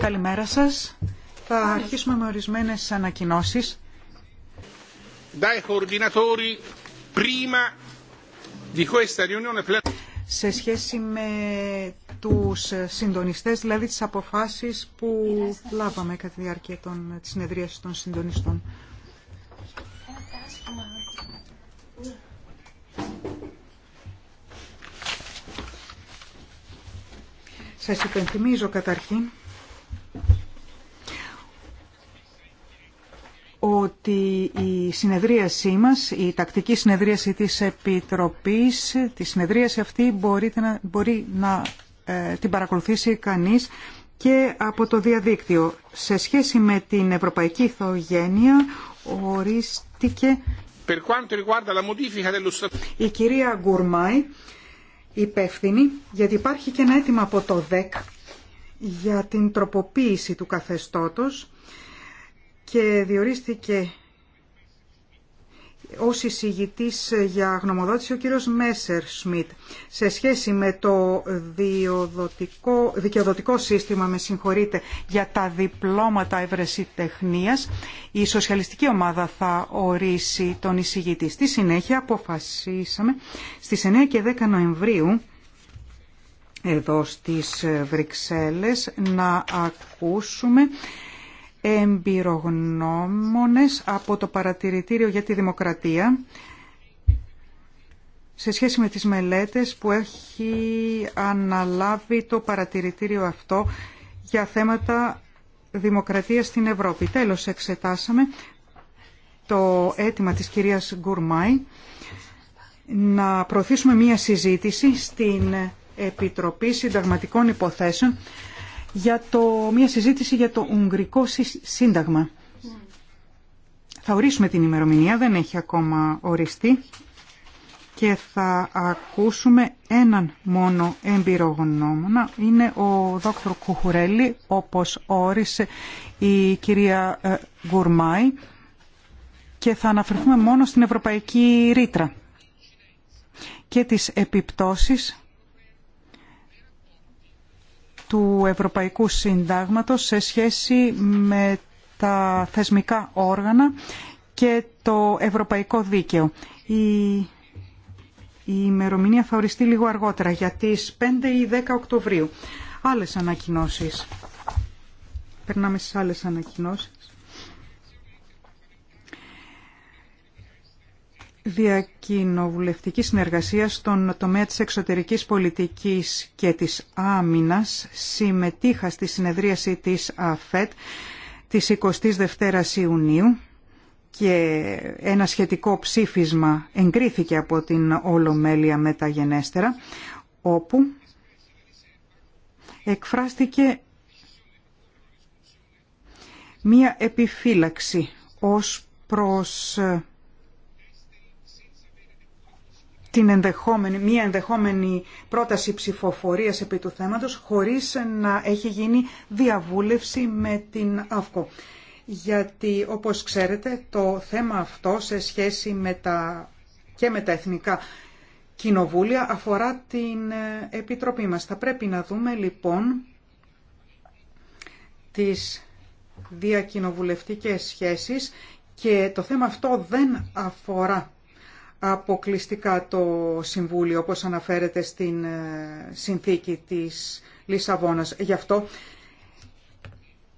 Καλημέρα σας. Θα αρχίσουμε με ορισμένες ανακοινώσεις. Σε σχέση με τους συντονιστές, δηλαδή τις αποφάσεις που λάβαμε κατά τη διάρκεια των, της συνεδρίασης των συντονιστών. Σας υπενθυμίζω καταρχήν ότι η συνεδρίασή μας, η τακτική συνεδρίαση της Επιτροπής, τη συνεδρίαση αυτή μπορείτε να, μπορεί να ε, την παρακολουθήσει κανείς και από το διαδίκτυο. Σε σχέση με την Ευρωπαϊκή Ιθογένεια ορίστηκε η κυρία Γκουρμάη υπεύθυνοι, γιατί υπάρχει και ένα αίτημα από το ΔΕΚ για την τροποποίηση του καθεστώτος και διορίστηκε ως εισηγητής για γνωμοδότηση ο κύριος Μέσερ Σμιτ σε σχέση με το δικαιοδοτικό σύστημα με συγχωρείτε, για τα διπλώματα ευρεσιτεχνίας η σοσιαλιστική ομάδα θα ορίσει τον εισηγητή. Στη συνέχεια αποφασίσαμε στις 9 και 10 Νοεμβρίου εδώ στις Βρυξέλλες να ακούσουμε εμπειρογνώμονες από το Παρατηρητήριο για τη Δημοκρατία σε σχέση με τις μελέτες που έχει αναλάβει το παρατηρητήριο αυτό για θέματα δημοκρατίας στην Ευρώπη. Τέλος, εξετάσαμε το αίτημα της κυρίας Γκουρμάη να προωθήσουμε μία συζήτηση στην Επιτροπή Συνταγματικών Υποθέσεων για το, μια συζήτηση για το Ουγγρικό Σύνταγμα. Θα ορίσουμε την ημερομηνία, δεν έχει ακόμα οριστεί και θα ακούσουμε έναν μόνο εμπειρογνώμονα. Είναι ο δόκτωρ Κουχουρέλη, όπως όρισε η κυρία ε, Γκουρμάη και θα αναφερθούμε μόνο στην Ευρωπαϊκή Ρήτρα και τις επιπτώσεις του Ευρωπαϊκού Συντάγματος σε σχέση με τα θεσμικά όργανα και το Ευρωπαϊκό Δίκαιο. Η, η ημερομηνία θα οριστεί λίγο αργότερα για τις 5 ή 10 Οκτωβρίου. Άλλες ανακοινώσεις. Περνάμε στις άλλες ανακοινώσεις. διακοινοβουλευτική συνεργασία στον τομέα της εξωτερικής πολιτικής και της άμυνας συμμετείχα στη συνεδρίαση της ΑΦΕΤ της 22ης Ιουνίου και ένα σχετικό ψήφισμα εγκρίθηκε από την Ολομέλεια Μεταγενέστερα όπου εκφράστηκε μία επιφύλαξη ως προς την ενδεχόμενη, μία ενδεχόμενη πρόταση ψηφοφορίας επί του θέματος χωρίς να έχει γίνει διαβούλευση με την ΑΦΚΟ. Γιατί όπως ξέρετε το θέμα αυτό σε σχέση με τα, και με τα εθνικά κοινοβούλια αφορά την ε, Επιτροπή μας. Θα πρέπει να δούμε λοιπόν τις διακοινοβουλευτικές σχέσεις και το θέμα αυτό δεν αφορά αποκλειστικά το Συμβούλιο, όπως αναφέρεται στην ε, συνθήκη της Λισαβόνας. Γι' αυτό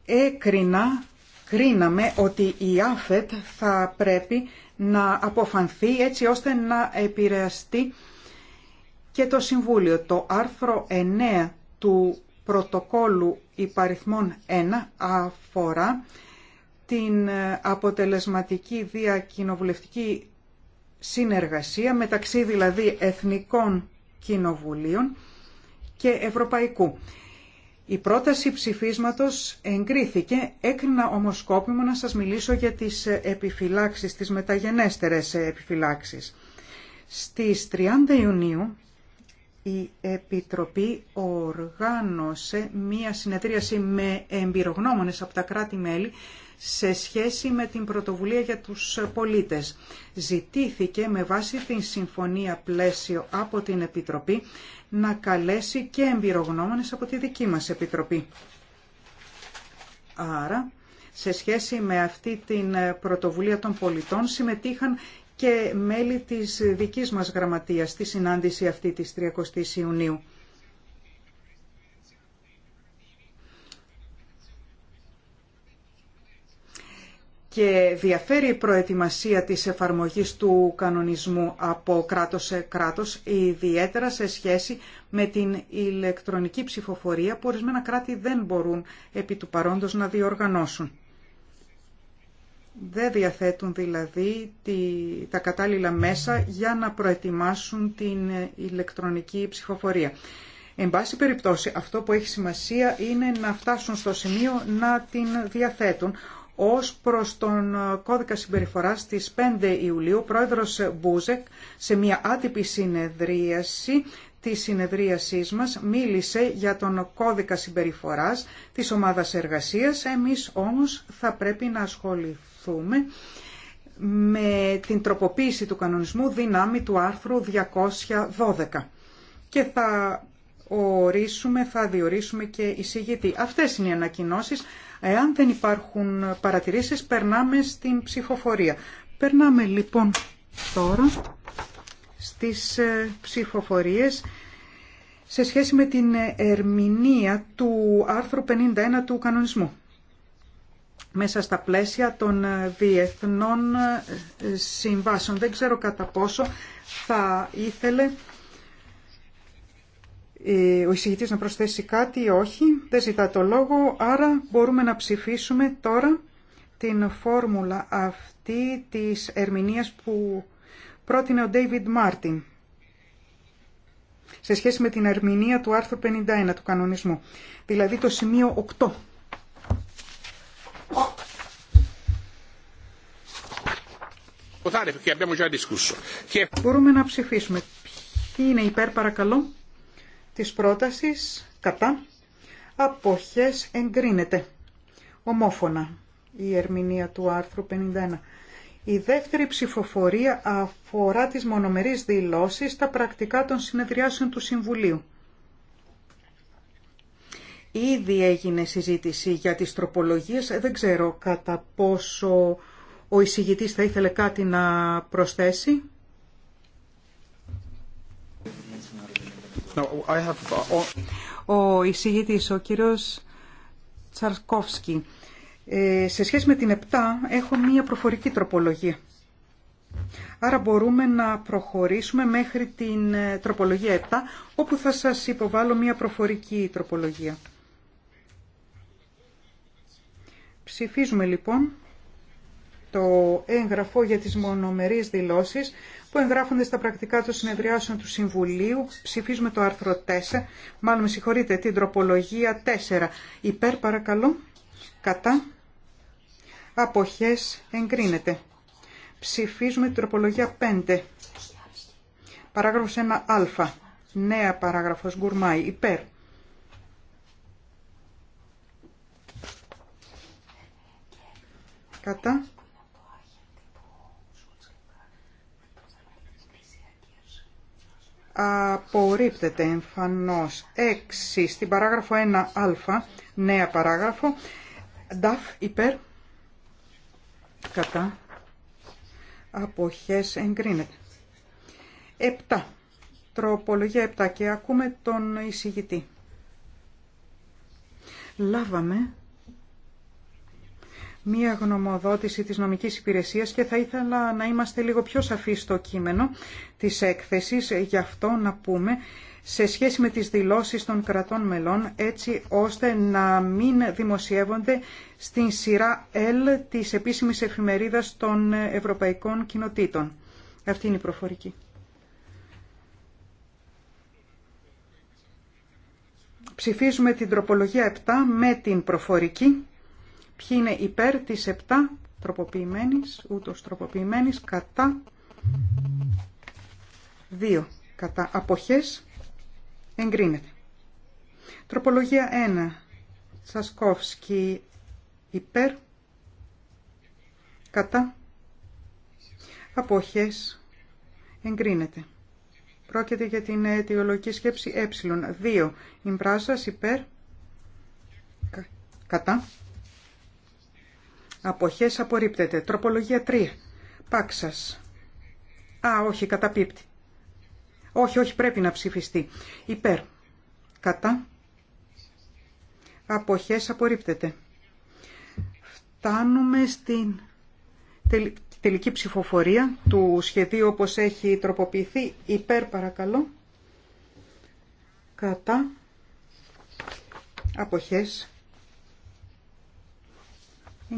έκρινα, κρίναμε ότι η ΑΦΕΤ θα πρέπει να αποφανθεί έτσι ώστε να επηρεαστεί και το Συμβούλιο. Το άρθρο 9 του πρωτοκόλου υπαριθμών 1 αφορά την ε, αποτελεσματική διακοινοβουλευτική συνεργασία μεταξύ δηλαδή εθνικών κοινοβουλίων και ευρωπαϊκού. Η πρόταση ψηφίσματος εγκρίθηκε, έκρινα σκόπιμο να σας μιλήσω για τις επιφυλάξεις, τις μεταγενέστερες επιφυλάξεις. Στις 30 Ιουνίου η Επιτροπή οργάνωσε μία συνεδρίαση με εμπειρογνώμονες από τα κράτη-μέλη σε σχέση με την πρωτοβουλία για τους πολίτες. Ζητήθηκε με βάση την Συμφωνία Πλαίσιο από την Επιτροπή να καλέσει και εμπειρογνώμονες από τη δική μας Επιτροπή. Άρα, σε σχέση με αυτή την πρωτοβουλία των πολιτών συμμετείχαν και μέλη της δικής μας γραμματείας στη συνάντηση αυτή της 30ης Ιουνίου. και διαφέρει η προετοιμασία της εφαρμογής του κανονισμού από κράτος σε κράτος, ιδιαίτερα σε σχέση με την ηλεκτρονική ψηφοφορία που ορισμένα κράτη δεν μπορούν επί του παρόντος να διοργανώσουν. Δεν διαθέτουν δηλαδή τα κατάλληλα μέσα για να προετοιμάσουν την ηλεκτρονική ψηφοφορία. Εν πάση περιπτώσει, αυτό που έχει σημασία είναι να φτάσουν στο σημείο να την διαθέτουν. Ως προς τον κώδικα συμπεριφοράς της 5 Ιουλίου, πρόεδρος Μπούζεκ σε μια άτυπη συνεδρίαση της συνεδρίασής μας μίλησε για τον κώδικα συμπεριφοράς της ομάδας εργασίας. Εμείς όμως θα πρέπει να ασχοληθούμε με την τροποποίηση του κανονισμού δύναμη του άρθρου 212 και θα ορίσουμε, θα διορίσουμε και εισηγητή. Αυτές είναι οι ανακοινώσεις. Εάν δεν υπάρχουν παρατηρήσεις, περνάμε στην ψηφοφορία. Περνάμε λοιπόν τώρα στις ε, ψηφοφορίες σε σχέση με την ερμηνεία του άρθρου 51 του κανονισμού μέσα στα πλαίσια των ε, διεθνών ε, συμβάσεων. Δεν ξέρω κατά πόσο θα ήθελε ε, ο εισηγητής να προσθέσει κάτι ή όχι. Δεν ζητά το λόγο, άρα μπορούμε να ψηφίσουμε τώρα την φόρμουλα αυτή της ερμηνείας που πρότεινε ο David Μάρτιν σε σχέση με την ερμηνεία του άρθρου 51 του κανονισμού, δηλαδή το σημείο 8. Μπορούμε να ψηφίσουμε. Ποιοι είναι υπέρ παρακαλώ της πρότασης κατά αποχές εγκρίνεται. Ομόφωνα η ερμηνεία του άρθρου 51. Η δεύτερη ψηφοφορία αφορά τις μονομερείς δηλώσεις στα πρακτικά των συνεδριάσεων του Συμβουλίου. Ήδη έγινε συζήτηση για τις τροπολογίες, δεν ξέρω κατά πόσο ο εισηγητής θα ήθελε κάτι να προσθέσει. Uh, ο εισηγητής, ο κύριος Τσαρκόφσκι. Ε, σε σχέση με την 7 έχω μία προφορική τροπολογία. Άρα μπορούμε να προχωρήσουμε μέχρι την ε, τροπολογία 7, όπου θα σας υποβάλω μία προφορική τροπολογία. Ψηφίζουμε λοιπόν το έγγραφο για τις μονομερείς δηλώσεις που εγγράφονται στα πρακτικά των συνεδριάσεων του Συμβουλίου. Ψηφίζουμε το άρθρο 4, μάλλον με συγχωρείτε, την τροπολογία 4. Υπέρ παρακαλώ, κατά, αποχές εγκρίνεται. Ψηφίζουμε την τροπολογία 5. Παράγραφος 1α. Νέα παράγραφος γκουρμάι Υπέρ. Κατά. απορρίπτεται εμφανώς. 6 στην παράγραφο 1α, νέα παράγραφο, DAF υπέρ, κατά, αποχές εγκρίνεται. 7. Τροπολογία 7 και ακούμε τον εισηγητή. Λάβαμε μία γνωμοδότηση της νομικής υπηρεσίας και θα ήθελα να είμαστε λίγο πιο σαφείς στο κείμενο της έκθεσης, γι' αυτό να πούμε σε σχέση με τις δηλώσεις των κρατών μελών, έτσι ώστε να μην δημοσιεύονται στην σειρά L της επίσημης εφημερίδας των Ευρωπαϊκών Κοινοτήτων. Αυτή είναι η προφορική. Ψηφίζουμε την τροπολογία 7 με την προφορική Ποιοι είναι υπέρ της 7 τροποποιημένης, ούτως τροποποιημένης, κατά 2. Κατά αποχές εγκρίνεται. Τροπολογία 1. Σασκόφσκι υπέρ, κατά αποχές εγκρίνεται. Πρόκειται για την αιτιολογική σκέψη ε. 2. Ιμπράσας υπέρ, κατά Αποχές απορρίπτεται. Τροπολογία 3. Πάξας. Α, όχι, καταπίπτει. Όχι, όχι, πρέπει να ψηφιστεί. Υπέρ. Κατά. Αποχές απορρίπτεται. Φτάνουμε στην τελική ψηφοφορία του σχεδίου όπως έχει τροποποιηθεί. Υπέρ παρακαλώ. Κατά. Αποχές.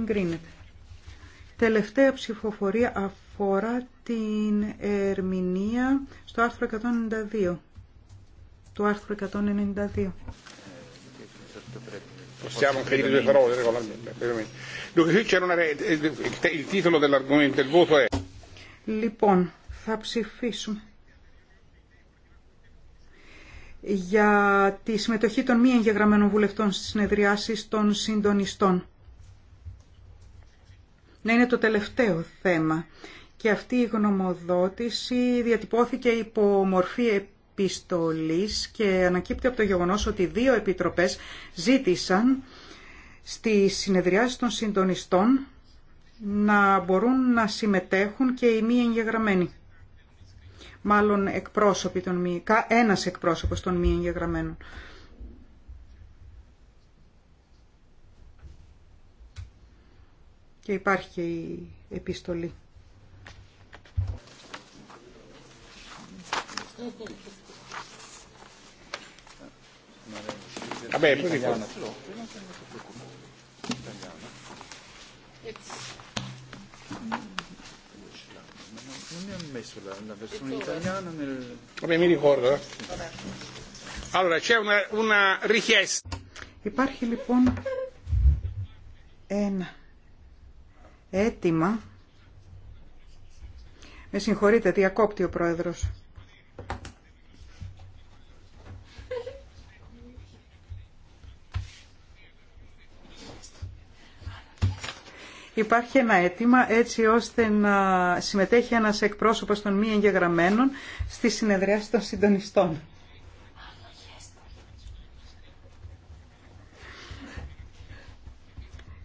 Εγκρίνεται. Τελευταία ψηφοφορία αφορά την ερμηνεία στο άρθρο 192. Το άρθρο 192. Λοιπόν, θα ψηφίσουμε για τη συμμετοχή των μη εγγεγραμμένων βουλευτών στις συνεδριάσεις των συντονιστών να είναι το τελευταίο θέμα. Και αυτή η γνωμοδότηση διατυπώθηκε υπό μορφή επιστολής και ανακύπτει από το γεγονός ότι δύο επιτροπές ζήτησαν στη συνεδριάση των συντονιστών να μπορούν να συμμετέχουν και οι μη εγγεγραμμένοι. Μάλλον εκπρόσωποι των μη, ένας εκπρόσωπος των μη εγγεγραμμένων. Και υπάρχει και η επιστολή. Vabbè, ε. poi Υπάρχει λοιπόν ένα Έτοιμα. Με συγχωρείτε, διακόπτει ο Πρόεδρος. Υπάρχει ένα αίτημα έτσι ώστε να συμμετέχει ένας εκπρόσωπος των μη εγγεγραμμένων στη συνεδριάση των συντονιστών.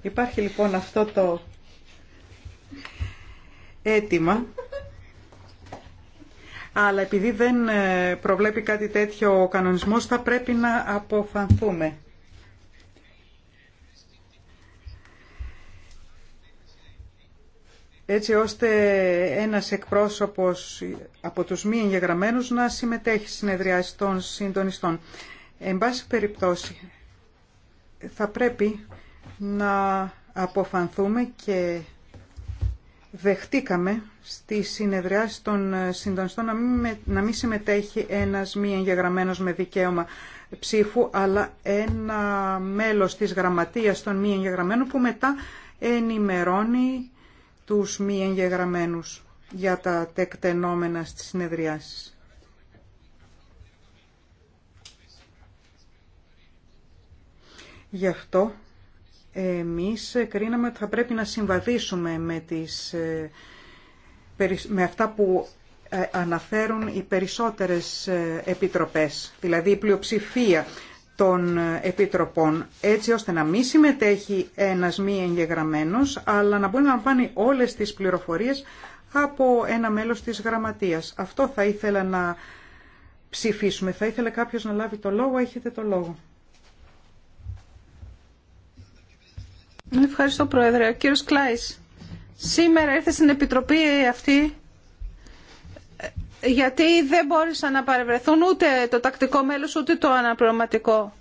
Υπάρχει λοιπόν αυτό το Έτοιμα. αλλά επειδή δεν ε, προβλέπει κάτι τέτοιο ο κανονισμός θα πρέπει να αποφανθούμε. έτσι ώστε ένας εκπρόσωπος από τους μη εγγεγραμμένους να συμμετέχει συνεδριάσει των συντονιστών. Εν πάση περιπτώσει, θα πρέπει να αποφανθούμε και δεχτήκαμε στη συνεδριάση των συντονιστών να μην, να μην συμμετέχει ένας μη εγγεγραμμένος με δικαίωμα ψήφου, αλλά ένα μέλος της γραμματείας των μη εγγεγραμμένων που μετά ενημερώνει τους μη εγγεγραμμένους για τα τεκτενόμενα στις συνεδριάσεις. Γι' αυτό εμείς κρίναμε ότι θα πρέπει να συμβαδίσουμε με, τις, ε, με αυτά που ε, αναφέρουν οι περισσότερες ε, επιτροπές, δηλαδή η πλειοψηφία των επιτροπών, έτσι ώστε να μην συμμετέχει ένας μη εγγεγραμμένος, αλλά να μπορεί να λαμβάνει όλες τις πληροφορίες από ένα μέλος της γραμματείας. Αυτό θα ήθελα να ψηφίσουμε. Θα ήθελε κάποιος να λάβει το λόγο. Έχετε το λόγο. Ευχαριστώ Πρόεδρε. Ο κύριος Κλάης, σήμερα ήρθε στην Επιτροπή αυτή ε, γιατί δεν μπόρεσαν να παρευρεθούν ούτε το τακτικό μέλος ούτε το αναπληρωματικό.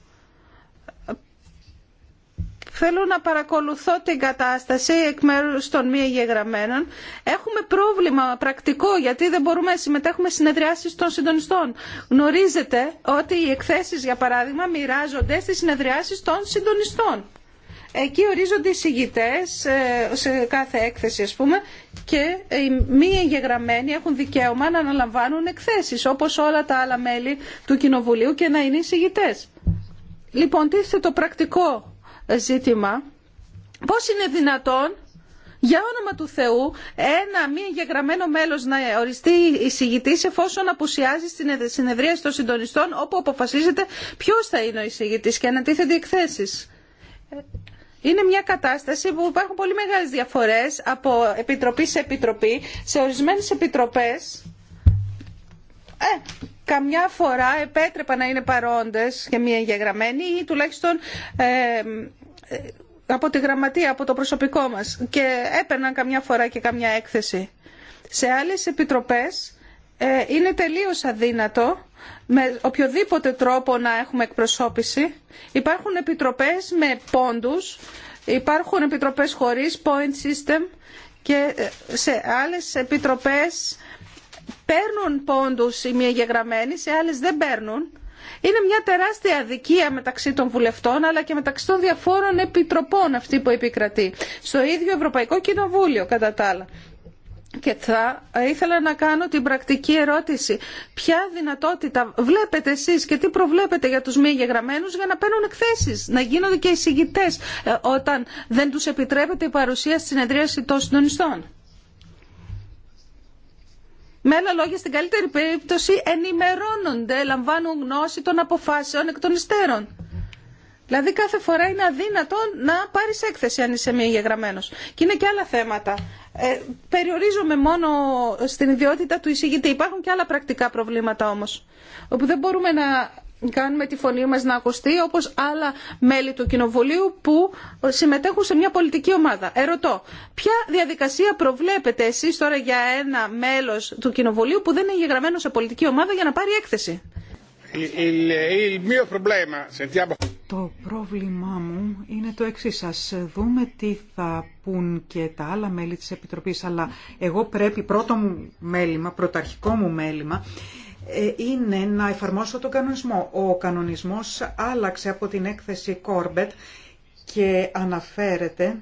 Θέλω να παρακολουθώ την κατάσταση εκ μέρου των μη εγγεγραμμένων. Έχουμε πρόβλημα πρακτικό γιατί δεν μπορούμε να συμμετέχουμε συνεδριάσεις των συντονιστών. Γνωρίζετε ότι οι εκθέσεις, για παράδειγμα, μοιράζονται στις συνεδριάσεις των συντονιστών. Εκεί ορίζονται οι συγγητές ε, σε κάθε έκθεση ας πούμε και οι μη εγγεγραμμένοι έχουν δικαίωμα να αναλαμβάνουν εκθέσεις όπως όλα τα άλλα μέλη του Κοινοβουλίου και να είναι συγγητές. Λοιπόν, τίθεται το πρακτικό ζήτημα. Πώς είναι δυνατόν για όνομα του Θεού, ένα μη εγγεγραμμένο μέλος να οριστεί εισηγητής εφόσον απουσιάζει στην συνεδρία των συντονιστών όπου αποφασίζεται ποιος θα είναι ο εισηγητής και οι εκθέσεις είναι μια κατάσταση που υπάρχουν πολύ μεγάλες διαφορές από επιτροπή σε επιτροπή. Σε ορισμένες επιτροπές, ε, καμιά φορά επέτρεπα να είναι παρόντες και μία εγγεγραμμένη ή τουλάχιστον ε, ε, από τη γραμματεία, από το προσωπικό μας και έπαιρναν καμιά φορά και καμιά έκθεση. Σε άλλες επιτροπές ε, είναι τελείως αδύνατο με οποιοδήποτε τρόπο να έχουμε εκπροσώπηση. Υπάρχουν επιτροπές με πόντους, υπάρχουν επιτροπές χωρίς point system και ε, σε άλλες επιτροπές παίρνουν πόντους οι μία γεγραμμένοι, σε άλλες δεν παίρνουν. Είναι μια τεράστια αδικία μεταξύ των βουλευτών αλλά και μεταξύ των διαφόρων επιτροπών αυτή που επικρατεί. Στο ίδιο Ευρωπαϊκό Κοινοβούλιο κατά τα άλλα και θα ήθελα να κάνω την πρακτική ερώτηση. Ποια δυνατότητα βλέπετε εσείς και τι προβλέπετε για τους μη εγγεγραμμένους για να παίρνουν εκθέσεις, να γίνονται και εισηγητές ε, όταν δεν τους επιτρέπεται η παρουσία στη συνεδρίαση των συντονιστών. Με άλλα λόγια, στην καλύτερη περίπτωση ενημερώνονται, λαμβάνουν γνώση των αποφάσεων εκ των υστέρων. Δηλαδή κάθε φορά είναι αδύνατο να πάρεις έκθεση αν είσαι μη εγγεγραμμένος. Και είναι και άλλα θέματα ε, περιορίζομαι μόνο στην ιδιότητα του εισηγητή. Υπάρχουν και άλλα πρακτικά προβλήματα όμως, όπου δεν μπορούμε να κάνουμε τη φωνή μας να ακουστεί, όπως άλλα μέλη του Κοινοβουλίου που συμμετέχουν σε μια πολιτική ομάδα. Ερωτώ, ποια διαδικασία προβλέπετε εσείς τώρα για ένα μέλος του Κοινοβουλίου που δεν είναι γεγραμμένο σε πολιτική ομάδα για να πάρει έκθεση. Το πρόβλημά μου είναι το εξή σα. δούμε τι θα πούν και τα άλλα μέλη της Επιτροπής, αλλά εγώ πρέπει πρώτο μου μέλημα, πρωταρχικό μου μέλημα, ε, είναι να εφαρμόσω τον κανονισμό. Ο κανονισμός άλλαξε από την έκθεση Corbett και αναφέρεται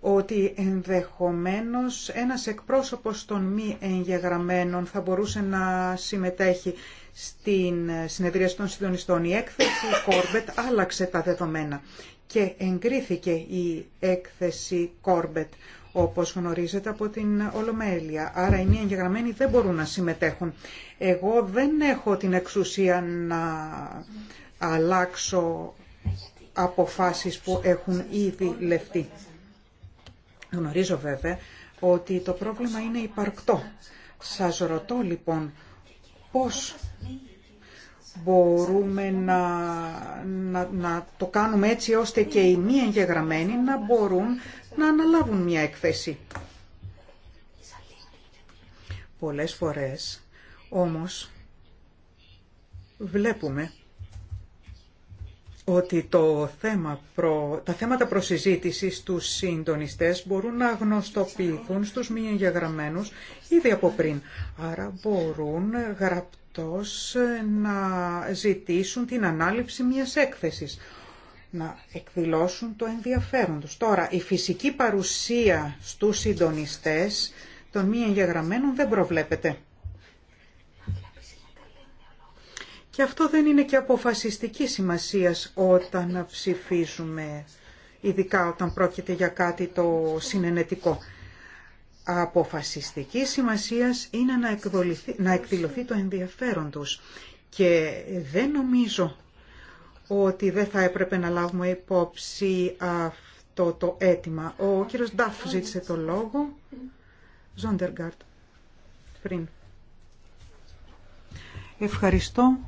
ότι ενδεχομένως ένας εκπρόσωπος των μη εγγεγραμμένων θα μπορούσε να συμμετέχει στην συνεδρία των συντονιστών. Η έκθεση Κόρμπετ άλλαξε τα δεδομένα και εγκρίθηκε η έκθεση Κόρμπετ όπως γνωρίζετε από την Ολομέλεια. Άρα οι μη εγγεγραμμένοι δεν μπορούν να συμμετέχουν. Εγώ δεν έχω την εξουσία να αλλάξω αποφάσεις που έχουν ήδη λεφτεί. Γνωρίζω βέβαια ότι το πρόβλημα είναι υπαρκτό. Σας ρωτώ λοιπόν πώς μπορούμε να, να, το κάνουμε έτσι ώστε και οι μη εγγεγραμμένοι να μπορούν να αναλάβουν μια έκθεση. Πολλές φορές όμως βλέπουμε ότι το θέμα προ... τα θέματα προσυζήτησης τους συντονιστές μπορούν να γνωστοποιηθούν στους μη εγγεγραμμένους ήδη από πριν. Άρα μπορούν γραπτός να ζητήσουν την ανάληψη μιας έκθεσης, να εκδηλώσουν το ενδιαφέρον τους. Τώρα, η φυσική παρουσία στους συντονιστές των μη εγγεγραμμένων δεν προβλέπεται. Και αυτό δεν είναι και αποφασιστική σημασία όταν ψηφίζουμε, ειδικά όταν πρόκειται για κάτι το συνενετικό. Αποφασιστική σημασία είναι να, να εκδηλωθεί το ενδιαφέρον τους. Και δεν νομίζω ότι δεν θα έπρεπε να λάβουμε υπόψη αυτό το αίτημα. Ο κύριος Ντάφ ζήτησε το λόγο. Ζόντεργκαρτ, Πριν. Ευχαριστώ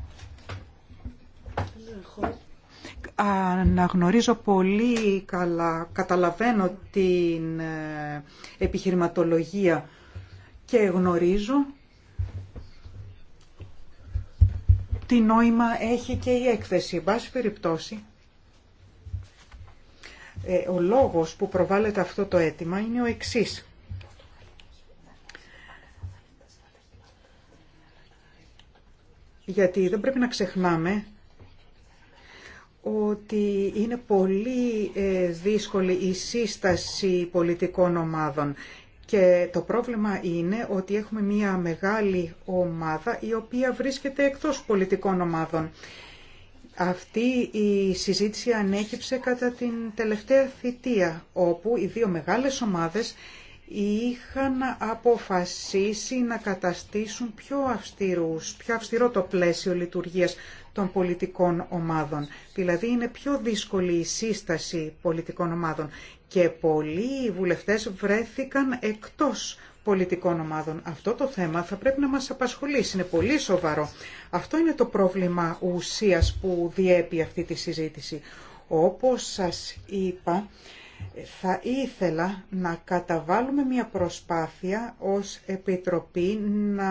αναγνωρίζω πολύ καλά, καταλαβαίνω την ε, επιχειρηματολογία και γνωρίζω τι νόημα έχει και η έκθεση. Εν πάση περιπτώσει, ε, ο λόγος που προβάλλεται αυτό το αίτημα είναι ο εξής. Γιατί δεν πρέπει να ξεχνάμε ότι είναι πολύ ε, δύσκολη η σύσταση πολιτικών ομάδων και το πρόβλημα είναι ότι έχουμε μια μεγάλη ομάδα η οποία βρίσκεται εκτός πολιτικών ομάδων. Αυτή η συζήτηση ανέκυψε κατά την τελευταία θητεία, όπου οι δύο μεγάλες ομάδες είχαν αποφασίσει να καταστήσουν πιο, αυστηρούς, πιο αυστηρό το πλαίσιο λειτουργίας των πολιτικών ομάδων. Δηλαδή είναι πιο δύσκολη η σύσταση πολιτικών ομάδων και πολλοί βουλευτές βρέθηκαν εκτός πολιτικών ομάδων. Αυτό το θέμα θα πρέπει να μας απασχολήσει, είναι πολύ σοβαρό. Αυτό είναι το πρόβλημα ουσίας που διέπει αυτή τη συζήτηση. Όπως σας είπα, θα ήθελα να καταβάλουμε μια προσπάθεια ως Επιτροπή να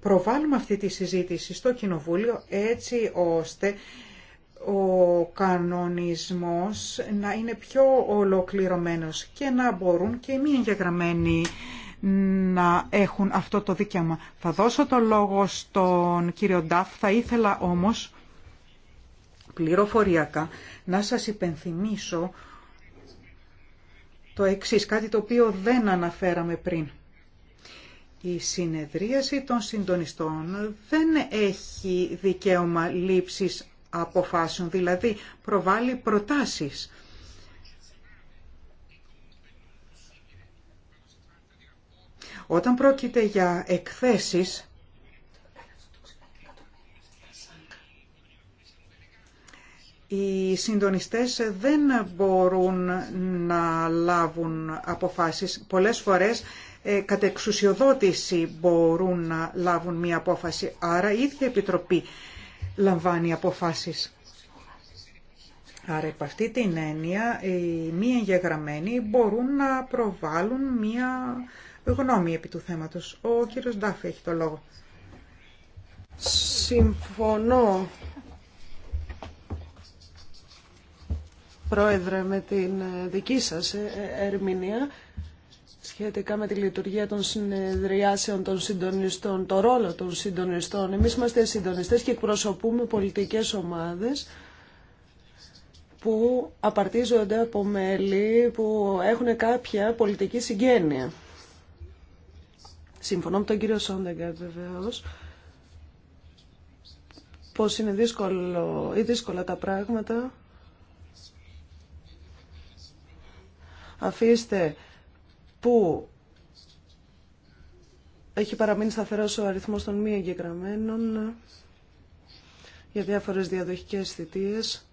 προβάλλουμε αυτή τη συζήτηση στο Κοινοβούλιο έτσι ώστε ο κανονισμός να είναι πιο ολοκληρωμένος και να μπορούν και οι μη εγγεγραμμένοι να έχουν αυτό το δικαίωμα. Θα δώσω το λόγο στον κύριο Νταφ, θα ήθελα όμως πληροφοριακά να σας υπενθυμίσω το εξής, κάτι το οποίο δεν αναφέραμε πριν. Η συνεδρίαση των συντονιστών δεν έχει δικαίωμα λήψης αποφάσεων, δηλαδή προβάλλει προτάσεις. Όταν πρόκειται για εκθέσεις, οι συντονιστές δεν μπορούν να λάβουν αποφάσεις. Πολλές φορές ε, εξουσιοδότηση μπορούν να λάβουν μία απόφαση. Άρα η ίδια Επιτροπή λαμβάνει αποφάσεις. Άρα υπ' αυτή την έννοια οι μη εγγεγραμμένοι μπορούν να προβάλλουν μία γνώμη επί του θέματος. Ο κύριος Ντάφη έχει το λόγο. Συμφωνώ Πρόεδρε, με την ε, δική σας ε, ε, ερμηνεία σχετικά με τη λειτουργία των συνεδριάσεων των συντονιστών, το ρόλο των συντονιστών. Εμείς είμαστε συντονιστές και εκπροσωπούμε πολιτικές ομάδες που απαρτίζονται από μέλη που έχουν κάποια πολιτική συγγένεια. Συμφωνώ με τον κύριο Σόντεγκα βεβαίω. πως είναι δύσκολο ή δύσκολα τα πράγματα Αφήστε που έχει παραμείνει σταθερός ο αριθμός των μη εγγεγραμμένων για διάφορες διαδοχικές θητείες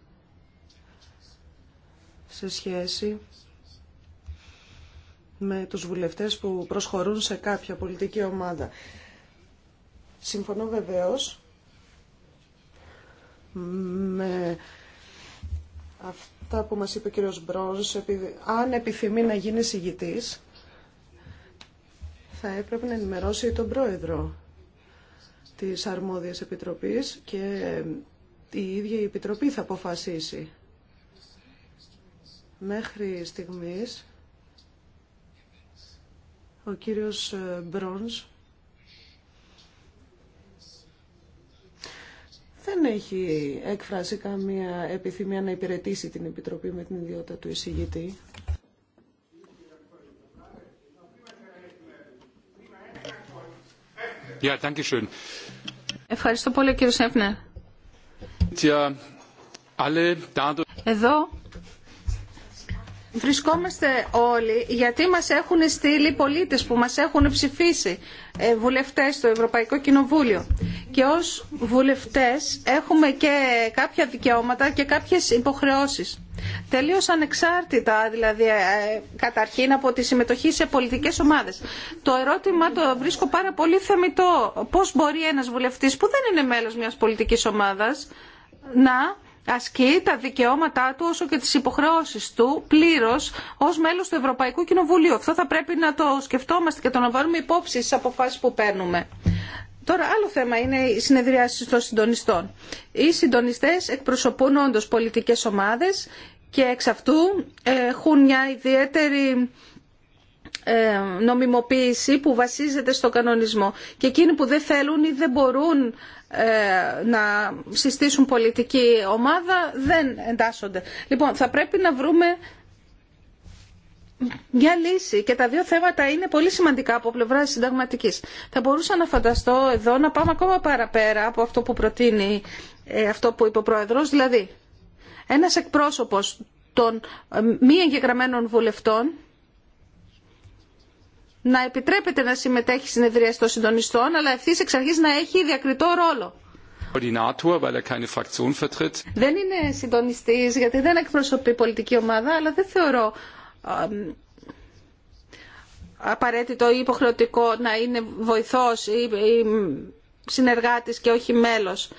σε σχέση με τους βουλευτές που προσχωρούν σε κάποια πολιτική ομάδα. Συμφωνώ βεβαίως με αυτό αυτά που μας είπε ο κύριος Μπρόνς, αν επιθυμεί να γίνει συγητής, θα έπρεπε να ενημερώσει τον πρόεδρο της αρμόδιας επιτροπής και η ίδια η επιτροπή θα αποφασίσει. Μέχρι στιγμής ο κύριος Μπρόνς δεν έχει εκφράσει καμία επιθυμία να υπηρετήσει την Επιτροπή με την ιδιότητα του εισηγητή. Ευχαριστώ πολύ κύριε Σέφνερ. Εδώ βρισκόμαστε όλοι γιατί μας έχουν στείλει πολίτες που μας έχουν ψηφίσει ε, βουλευτές στο Ευρωπαϊκό Κοινοβούλιο και ως βουλευτές έχουμε και κάποια δικαιώματα και κάποιες υποχρεώσεις. Τελείως ανεξάρτητα, δηλαδή, ε, καταρχήν από τη συμμετοχή σε πολιτικές ομάδες. Το ερώτημα το βρίσκω πάρα πολύ θεμητό. Πώς μπορεί ένας βουλευτής που δεν είναι μέλος μιας πολιτικής ομάδας να ασκεί τα δικαιώματά του όσο και τις υποχρεώσεις του πλήρως ως μέλος του Ευρωπαϊκού Κοινοβουλίου. Αυτό θα πρέπει να το σκεφτόμαστε και το να βάλουμε υπόψη στις αποφάσεις που παίρνουμε. Τώρα άλλο θέμα είναι η συνεδριάση των συντονιστών. Οι συντονιστές εκπροσωπούν όντω πολιτικές ομάδες και εξ αυτού ε, έχουν μια ιδιαίτερη ε, νομιμοποίηση που βασίζεται στο κανονισμό. Και εκείνοι που δεν θέλουν ή δεν μπορούν ε, να συστήσουν πολιτική ομάδα δεν εντάσσονται. Λοιπόν, θα πρέπει να βρούμε μια λύση και τα δύο θέματα είναι πολύ σημαντικά από πλευρά συνταγματική. Θα μπορούσα να φανταστώ εδώ να πάμε ακόμα παραπέρα από αυτό που προτείνει ε, αυτό που είπε ο Πρόεδρος, δηλαδή ένας εκπρόσωπος των ε, μη εγγεγραμμένων βουλευτών να επιτρέπεται να συμμετέχει συνεδρία των συντονιστών, αλλά ευθύ εξ αρχή να έχει διακριτό ρόλο. Er δεν είναι συντονιστή γιατί δεν εκπροσωπεί πολιτική ομάδα, αλλά δεν θεωρώ απαραίτητο ή υποχρεωτικό να είναι βοηθός ή, ή συνεργάτης και όχι μέλος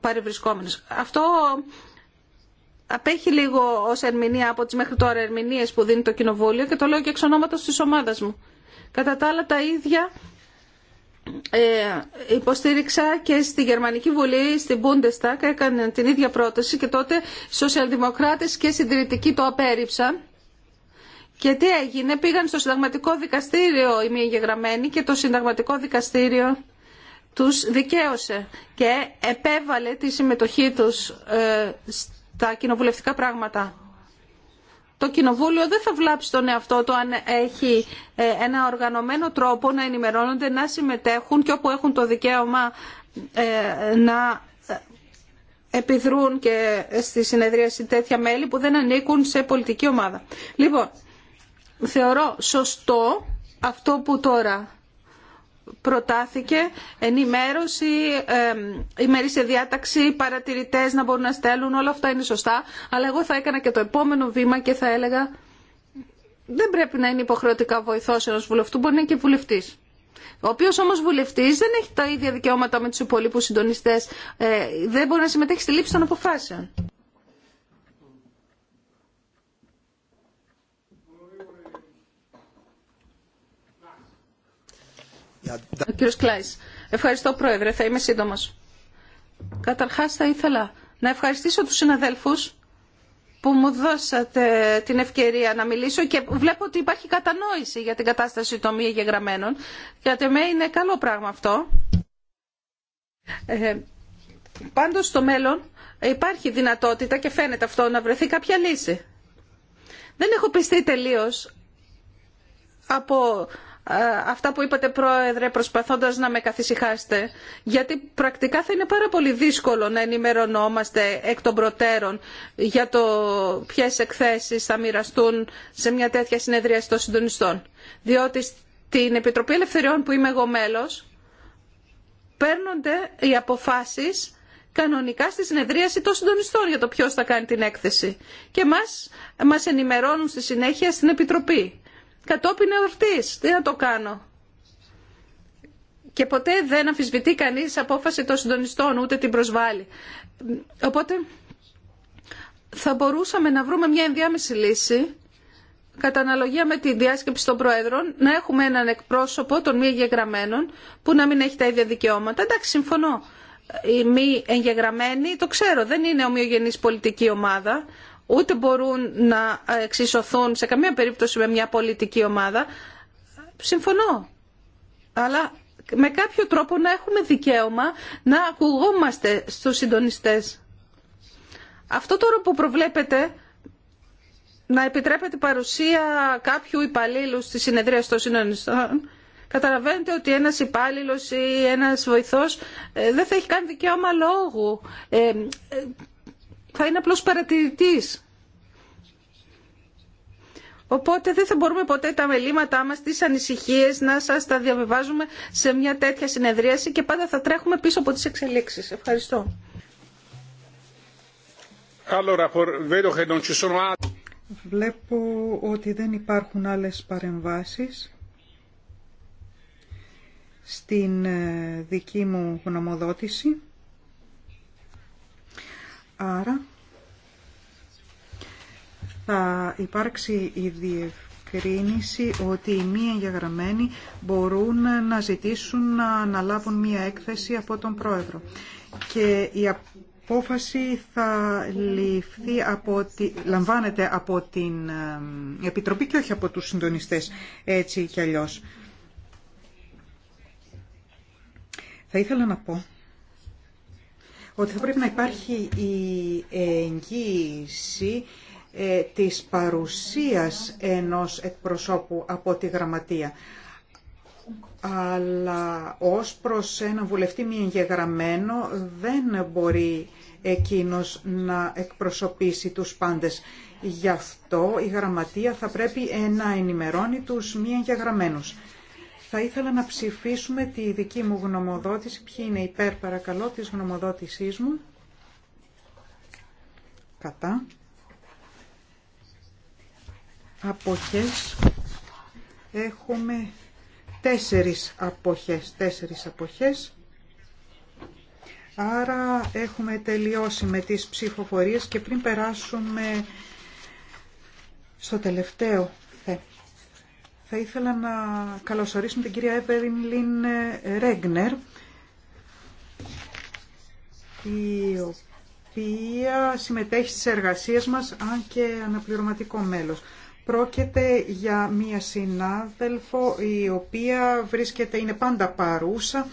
παρευρισκόμενος. Αυτό απέχει λίγο ω ερμηνεία από τι μέχρι τώρα ερμηνείε που δίνει το Κοινοβούλιο και το λέω και εξ ονόματο τη ομάδα μου. Κατά τα άλλα τα ίδια ε, υποστήριξα και στη Γερμανική Βουλή, στην Bundestag, έκαναν την ίδια πρόταση και τότε οι σοσιαλδημοκράτες και συντηρητικοί το απέρριψαν. Και τι έγινε, πήγαν στο συνταγματικό δικαστήριο οι μη εγγεγραμμένοι και το συνταγματικό δικαστήριο τους δικαίωσε και επέβαλε τη συμμετοχή τους ε, στα κοινοβουλευτικά πράγματα το κοινοβούλιο δεν θα βλάψει τον εαυτό του αν έχει ε, ένα οργανωμένο τρόπο να ενημερώνονται, να συμμετέχουν και όπου έχουν το δικαίωμα ε, να ε, επιδρούν και στη συνεδρίαση τέτοια μέλη που δεν ανήκουν σε πολιτική ομάδα. Λοιπόν, θεωρώ σωστό αυτό που τώρα προτάθηκε ενημέρωση, ε, ημερήσια διάταξη, παρατηρητές να μπορούν να στέλνουν, όλα αυτά είναι σωστά. Αλλά εγώ θα έκανα και το επόμενο βήμα και θα έλεγα δεν πρέπει να είναι υποχρεωτικά βοηθός ενός βουλευτού, μπορεί να είναι και βουλευτής. Ο οποίο όμω βουλευτή δεν έχει τα ίδια δικαιώματα με του υπολείπου συντονιστέ. Ε, δεν μπορεί να συμμετέχει στη λήψη των αποφάσεων. κύριος Κλάης. Ευχαριστώ Πρόεδρε, θα είμαι σύντομος. Καταρχάς θα ήθελα να ευχαριστήσω τους συναδέλφους που μου δώσατε την ευκαιρία να μιλήσω και βλέπω ότι υπάρχει κατανόηση για την κατάσταση των μη εγγεγραμμένων. Γιατί με είναι καλό πράγμα αυτό. Ε, πάντως στο μέλλον υπάρχει δυνατότητα και φαίνεται αυτό να βρεθεί κάποια λύση. Δεν έχω πιστεί τελείως από ε, αυτά που είπατε πρόεδρε προσπαθώντας να με καθησυχάσετε γιατί πρακτικά θα είναι πάρα πολύ δύσκολο να ενημερωνόμαστε εκ των προτέρων για το ποιες εκθέσεις θα μοιραστούν σε μια τέτοια συνεδρία των συντονιστών. Διότι στην Επιτροπή Ελευθεριών που είμαι εγώ μέλος παίρνονται οι αποφάσεις κανονικά στη συνεδρίαση των συντονιστών για το ποιο θα κάνει την έκθεση. Και μας, μας ενημερώνουν στη συνέχεια στην Επιτροπή κατόπιν εορτή. Τι να το κάνω. Και ποτέ δεν αμφισβητεί κανείς απόφαση των συντονιστών, ούτε την προσβάλλει. Οπότε θα μπορούσαμε να βρούμε μια ενδιάμεση λύση, κατά αναλογία με τη διάσκεψη των Προέδρων, να έχουμε έναν εκπρόσωπο των μη εγγεγραμμένων που να μην έχει τα ίδια δικαιώματα. Εντάξει, συμφωνώ. Οι μη εγγεγραμμένοι, το ξέρω, δεν είναι ομοιογενής πολιτική ομάδα, ούτε μπορούν να εξισωθούν σε καμία περίπτωση με μια πολιτική ομάδα. Συμφωνώ. Αλλά με κάποιο τρόπο να έχουμε δικαίωμα να ακουγόμαστε στους συντονιστές. Αυτό τώρα που προβλέπετε να επιτρέπετε παρουσία κάποιου υπαλλήλου στη συνεδρία των συντονιστών, καταλαβαίνετε ότι ένας υπάλληλος ή ένας βοηθός ε, δεν θα έχει καν δικαίωμα λόγου. Ε, ε, θα είναι απλώς παρατηρητής. Οπότε δεν θα μπορούμε ποτέ τα μελήματά μας, τις ανησυχίες να σας τα διαβιβάζουμε σε μια τέτοια συνεδρίαση και πάντα θα τρέχουμε πίσω από τις εξελίξεις. Ευχαριστώ. Βλέπω ότι δεν υπάρχουν άλλες παρεμβάσεις στην ε, δική μου γνωμοδότηση. Άρα θα υπάρξει η διευκρίνηση ότι οι μη εγγεγραμμένοι μπορούν να ζητήσουν να αναλάβουν μία έκθεση από τον Πρόεδρο. Και η απόφαση θα ληφθεί από τη... λαμβάνεται από την Επιτροπή και όχι από τους συντονιστές έτσι κι αλλιώς. Θα ήθελα να πω ότι θα πρέπει να υπάρχει η εγγύηση ε, της παρουσίας ενός εκπροσώπου από τη γραμματεία. Αλλά ως προς έναν βουλευτή μη εγγεγραμμένο δεν μπορεί εκείνος να εκπροσωπήσει τους πάντες. Γι' αυτό η γραμματεία θα πρέπει να ενημερώνει τους μη εγγεγραμμένους. Θα ήθελα να ψηφίσουμε τη δική μου γνωμοδότηση. Ποιοι είναι υπέρ παρακαλώ της γνωμοδότησής μου. Κατά. Αποχές. Έχουμε τέσσερις αποχές. Τέσσερις αποχές. Άρα έχουμε τελειώσει με τις ψηφοφορίες και πριν περάσουμε στο τελευταίο θα ήθελα να καλωσορίσουμε την κυρία Έπεριν Λίν Ρέγνερ, η οποία συμμετέχει στις εργασίες μας, αν και αναπληρωματικό μέλος. Πρόκειται για μία συνάδελφο η οποία βρίσκεται, είναι πάντα παρούσα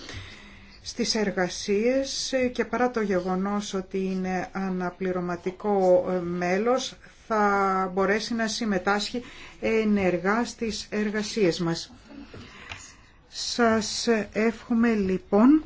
στις εργασίες και παρά το γεγονός ότι είναι αναπληρωματικό μέλος θα μπορέσει να συμμετάσχει ενεργά στις εργασίες μας. Σας εύχομαι λοιπόν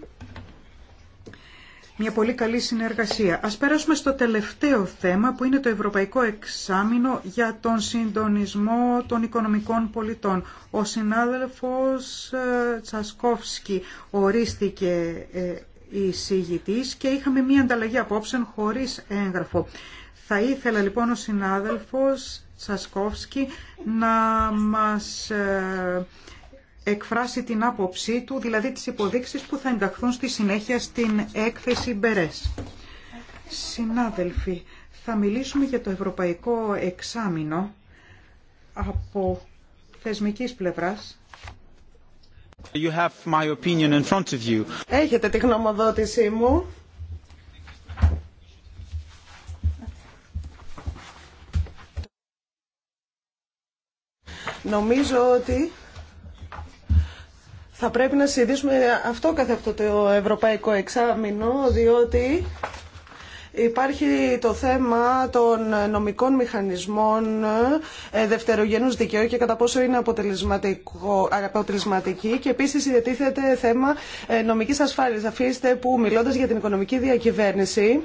μια πολύ καλή συνεργασία. Ας περάσουμε στο τελευταίο θέμα που είναι το Ευρωπαϊκό Εξάμεινο για τον συντονισμό των οικονομικών πολιτών. Ο συνάδελφος ε, Τσασκόφσκι ορίστηκε ε, εισηγητής και είχαμε μια ανταλλαγή απόψεων χωρίς έγγραφο. Θα ήθελα λοιπόν ο συνάδελφος Τσασκόφσκι να μας ε, εκφράσει την άποψή του, δηλαδή τις υποδείξεις που θα ενταχθούν στη συνέχεια στην έκθεση Μπερές. Συνάδελφοι, θα μιλήσουμε για το Ευρωπαϊκό Εξάμεινο από θεσμικής πλευράς. You have my opinion in front of you. Έχετε τη γνωμοδότησή μου Νομίζω ότι θα πρέπει να συζητήσουμε αυτό καθ' αυτό το ευρωπαϊκό εξάμεινο, διότι Υπάρχει το θέμα των νομικών μηχανισμών ε, δευτερογενούς δικαίου και κατά πόσο είναι αποτελεσματική και επίσης διατίθεται θέμα ε, νομικής ασφάλειας. Αφήστε που μιλώντας για την οικονομική διακυβέρνηση,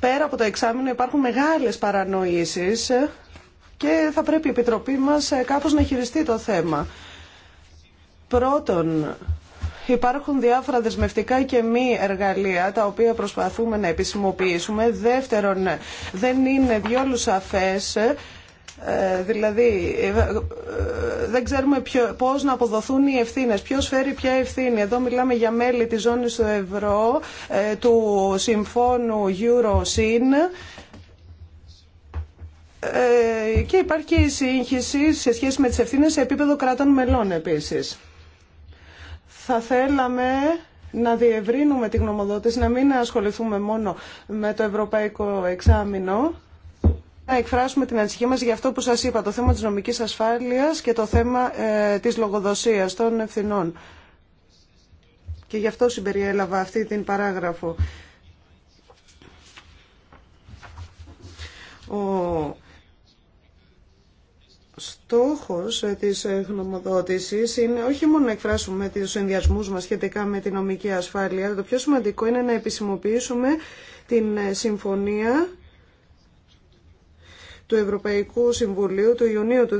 πέρα από το εξάμεινο υπάρχουν μεγάλες παρανοήσεις και θα πρέπει η Επιτροπή μας ε, κάπως να χειριστεί το θέμα. Πρώτον, υπάρχουν διάφορα δεσμευτικά και μη εργαλεία τα οποία προσπαθούμε να επισημοποιήσουμε. Δεύτερον, δεν είναι διόλου σαφές ε, δηλαδή ε, δεν ξέρουμε πώς να αποδοθούν οι ευθύνες, ποιος φέρει ποια ευθύνη. Εδώ μιλάμε για μέλη της ζώνης του ευρώ, του συμφώνου EuroSyn ε, και υπάρχει και η σύγχυση σε σχέση με τις ευθύνες σε επίπεδο κράτων μελών επίσης. Θα θέλαμε να διευρύνουμε τη γνωμοδότηση, να μην ασχοληθούμε μόνο με το ευρωπαϊκό εξάμεινο, να εκφράσουμε την ανησυχία μας για αυτό που σας είπα, το θέμα της νομικής ασφάλειας και το θέμα ε, της λογοδοσίας των ευθυνών. Και γι' αυτό συμπεριέλαβα αυτή την παράγραφο. Ο στόχος ε, της ε, γνωμοδότησης είναι όχι μόνο να εκφράσουμε τους ενδιασμούς μας σχετικά με την νομική ασφάλεια, αλλά το πιο σημαντικό είναι να επισημοποιήσουμε την ε, συμφωνία του Ευρωπαϊκού Συμβουλίου του Ιουνίου του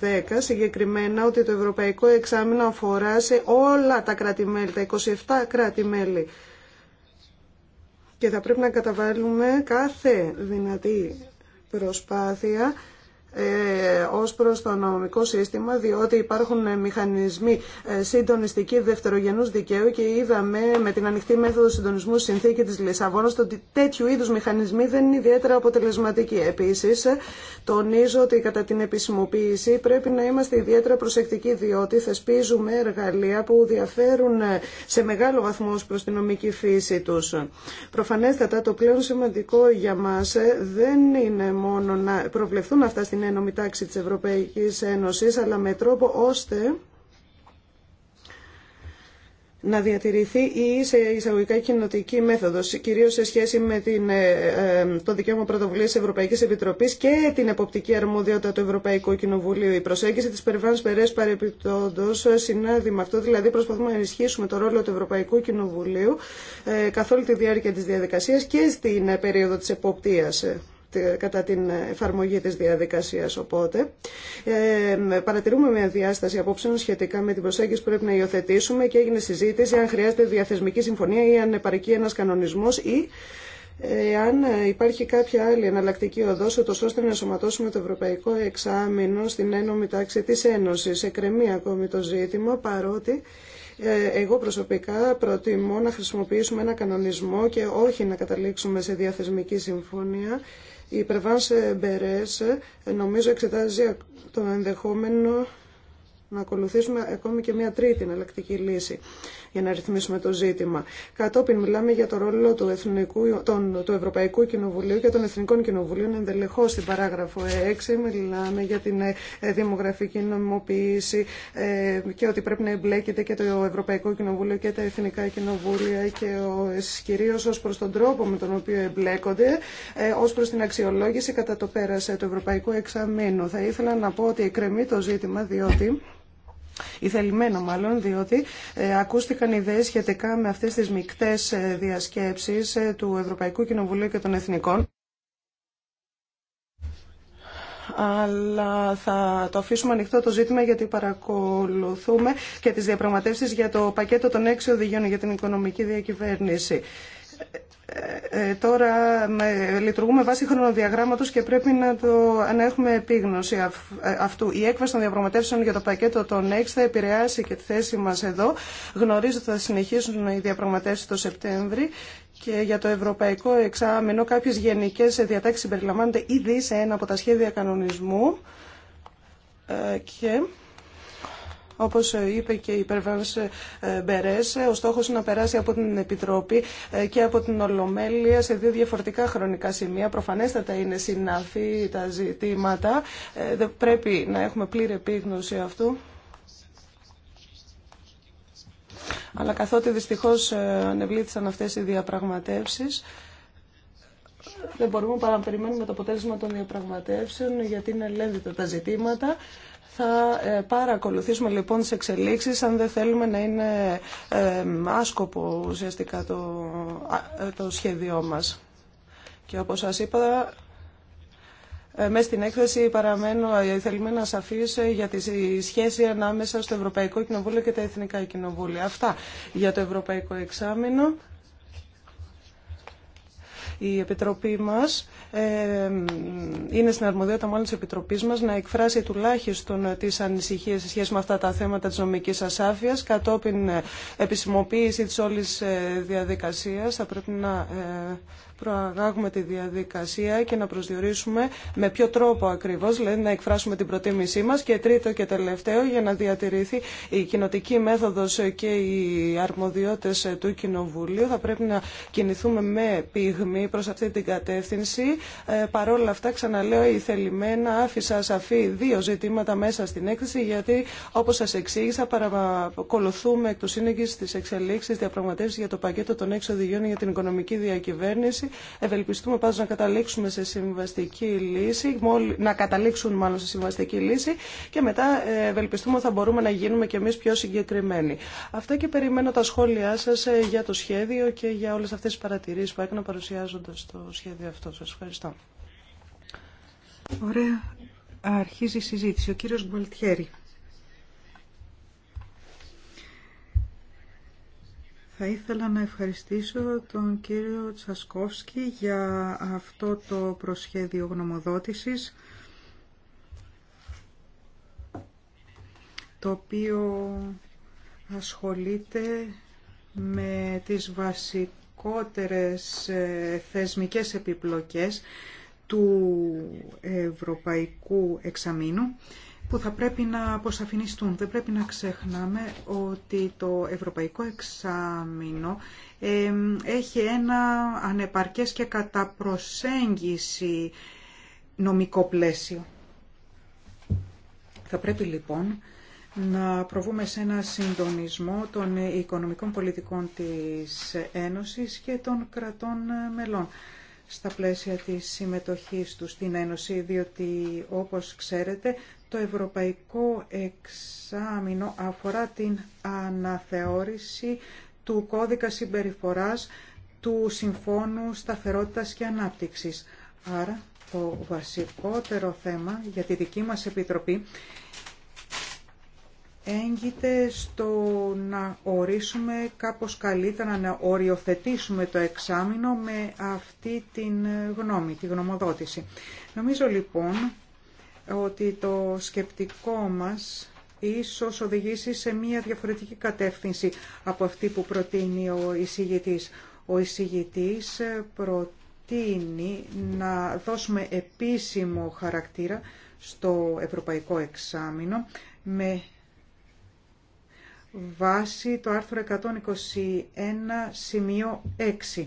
2010, συγκεκριμένα ότι το Ευρωπαϊκό Εξάμεινο αφορά σε όλα τα κράτη-μέλη, τα 27 κράτη-μέλη. Και θα πρέπει να καταβάλουμε κάθε δυνατή προσπάθεια ε, ως προς το νομικό σύστημα διότι υπάρχουν μηχανισμοί ε, συντονιστικοί δευτερογενούς δικαίου και είδαμε με την ανοιχτή μέθοδο συντονισμού συνθήκη της Λισαβόνας ότι τέτοιου είδους μηχανισμοί δεν είναι ιδιαίτερα αποτελεσματικοί. Επίσης, ε, τονίζω ότι κατά την επισημοποίηση πρέπει να είμαστε ιδιαίτερα προσεκτικοί διότι θεσπίζουμε εργαλεία που διαφέρουν σε μεγάλο βαθμό ως προς την νομική φύση τους. Προφανέστατα το πλέον σημαντικό για μας δεν είναι μόνο να προβλεφθούν αυτά στην ένωμη τάξη της Ευρωπαϊκής Ένωσης, αλλά με τρόπο ώστε να διατηρηθεί η εισαγωγικά κοινοτική μέθοδος, κυρίως σε σχέση με την, ε, ε, το δικαίωμα πρωτοβουλία της Ευρωπαϊκής Επιτροπής και την εποπτική αρμοδιότητα του Ευρωπαϊκού Κοινοβουλίου. Η προσέγγιση της περιβάλλοντος περές παρεπιπτόντος συνάδει με αυτό, δηλαδή προσπαθούμε να ενισχύσουμε το ρόλο του Ευρωπαϊκού Κοινοβουλίου ε, καθ' όλη τη διάρκεια της διαδικασίας και στην περίοδο της εποπτείας κατά την εφαρμογή της διαδικασίας. Οπότε ε, παρατηρούμε μια διάσταση απόψεων σχετικά με την προσέγγιση που πρέπει να υιοθετήσουμε και έγινε συζήτηση αν χρειάζεται διαθεσμική συμφωνία ή αν επαρκεί ένας κανονισμός ή αν υπάρχει κάποια άλλη εναλλακτική οδός, ώστε να σωματώσουμε το ευρωπαϊκό εξάμεινο στην ένωμη τάξη της Ένωσης. Εκρεμεί ακόμη το ζήτημα, παρότι ε, εγώ προσωπικά προτιμώ να χρησιμοποιήσουμε ένα κανονισμό και όχι να καταλήξουμε σε διαθεσμική συμφωνία. Η Πρεβάνσε Μπερές νομίζω εξετάζει το ενδεχόμενο να ακολουθήσουμε ακόμη και μια τρίτη εναλλακτική λύση για να ρυθμίσουμε το ζήτημα. Κατόπιν μιλάμε για το ρόλο του, Εθνικού, του Ευρωπαϊκού Κοινοβουλίου και των Εθνικών Κοινοβουλίων. Εντελεχώ στην παράγραφο 6 μιλάμε για την ε, δημογραφική νομιμοποίηση ε, και ότι πρέπει να εμπλέκεται και το Ευρωπαϊκό Κοινοβούλιο και τα Εθνικά Κοινοβούλια και κυρίω ω προ τον τρόπο με τον οποίο εμπλέκονται, ε, ω προ την αξιολόγηση κατά το πέρασε του Ευρωπαϊκού Εξαμήνου. Θα ήθελα να πω ότι εκκρεμεί το ζήτημα διότι θελημένα μάλλον, διότι ε, ακούστηκαν ιδέες σχετικά με αυτές τις μικτές ε, διασκέψεις ε, του Ευρωπαϊκού Κοινοβουλίου και των Εθνικών αλλά θα το αφήσουμε ανοιχτό το ζήτημα γιατί παρακολουθούμε και τις διαπραγματεύσεις για το πακέτο των έξι οδηγιών για την οικονομική διακυβέρνηση. Ε, ε, τώρα με, λειτουργούμε βάσει χρονοδιαγράμματος και πρέπει να, το, να έχουμε επίγνωση ε, αυτού. Η έκβαση των διαπραγματεύσεων για το πακέτο των ΕΚΣ θα επηρεάσει και τη θέση μας εδώ. Γνωρίζω ότι θα συνεχίσουν οι διαπραγματεύσεις το Σεπτέμβρη και για το ευρωπαϊκό εξάμεινο κάποιες γενικές διατάξεις συμπεριλαμβάνονται ήδη σε ένα από τα σχέδια κανονισμού. Ε, και... Όπως ε, είπε και η Περβάνς ε, ε, Μπερές, ο στόχος είναι να περάσει από την Επιτροπή και από την Ολομέλεια σε δύο διαφορετικά χρονικά σημεία. Προφανέστατα είναι συναφή τα ζητήματα. Δεν πρέπει να έχουμε πλήρη επίγνωση αυτού. Αλλά καθότι δυστυχώς ανεβλήθησαν αυτές οι διαπραγματεύσεις, δεν μπορούμε παρά να περιμένουμε το αποτέλεσμα των διαπραγματεύσεων γιατί είναι ελέγχητα τα ζητήματα. Θα ε, παρακολουθήσουμε λοιπόν τις εξελίξεις αν δεν θέλουμε να είναι ε, άσκοπο ουσιαστικά το, ε, το σχέδιό μας. Και όπως σας είπα, μέσα στην έκθεση παραμένω να αφήσω για τη σχέση ανάμεσα στο Ευρωπαϊκό Κοινοβούλιο και τα Εθνικά Κοινοβούλια. Αυτά για το Ευρωπαϊκό Εξάμεινο. Η Επιτροπή μας ε, είναι στην αρμοδιότητα μάλλον της Επιτροπής μας να εκφράσει τουλάχιστον τις ανησυχίες σε σχέση με αυτά τα θέματα της νομικής ασάφειας κατόπιν ε, επισημοποίηση της όλης ε, διαδικασίας θα πρέπει να προαγάγουμε τη διαδικασία και να προσδιορίσουμε με ποιο τρόπο ακριβώ, δηλαδή να εκφράσουμε την προτίμησή μα και τρίτο και τελευταίο για να διατηρηθεί η κοινοτική μέθοδο και οι αρμοδιότητε του Κοινοβουλίου. Θα πρέπει να κινηθούμε με πυγμή προ αυτή την κατεύθυνση. Ε, όλα αυτά, ξαναλέω, η θελημένα άφησα σαφή δύο ζητήματα μέσα στην έκθεση γιατί όπω σα εξήγησα παρακολουθούμε εκ του σύνεγγυ τη εξελίξη, διαπραγματεύσει για το πακέτο των έξω για την οικονομική διακυβέρνηση Ευελπιστούμε πάντως να καταλήξουμε σε συμβαστική λύση, να καταλήξουν μάλλον σε συμβαστική λύση και μετά ε, ευελπιστούμε ότι θα μπορούμε να γίνουμε και εμείς πιο συγκεκριμένοι. Αυτά και περιμένω τα σχόλιά σας ε, για το σχέδιο και για όλες αυτές τις παρατηρήσεις που έκανα παρουσιάζοντας το σχέδιο αυτό. Σας ευχαριστώ. Ωραία. Αρχίζει η συζήτηση. Ο κύριος Μπολτιέρη. Θα ήθελα να ευχαριστήσω τον κύριο Τσασκόφσκι για αυτό το προσχέδιο γνωμοδότησης το οποίο ασχολείται με τις βασικότερες ε, θεσμικές επιπλοκές του Ευρωπαϊκού Εξαμήνου που θα πρέπει να αποσαφινιστούν. Δεν πρέπει να ξεχνάμε ότι το Ευρωπαϊκό Εξάμεινο έχει ένα ανεπαρκές και κατά προσέγγιση νομικό πλαίσιο. Θα πρέπει λοιπόν να προβούμε σε ένα συντονισμό των οικονομικών πολιτικών της Ένωσης και των κρατών μελών στα πλαίσια της συμμετοχής του στην Ένωση, διότι όπως ξέρετε το Ευρωπαϊκό Εξάμεινο αφορά την αναθεώρηση του κώδικα συμπεριφοράς του Συμφώνου Σταθερότητας και Ανάπτυξης. Άρα το βασικότερο θέμα για τη δική μας Επιτροπή έγκυται στο να ορίσουμε κάπως καλύτερα, να οριοθετήσουμε το εξάμεινο με αυτή την γνώμη, τη γνωμοδότηση. Νομίζω λοιπόν ότι το σκεπτικό μας ίσως οδηγήσει σε μια διαφορετική κατεύθυνση από αυτή που προτείνει ο εισηγητής. Ο εισηγητής προτείνει να δώσουμε επίσημο χαρακτήρα στο Ευρωπαϊκό Εξάμεινο με βάση το άρθρο 121 σημείο 6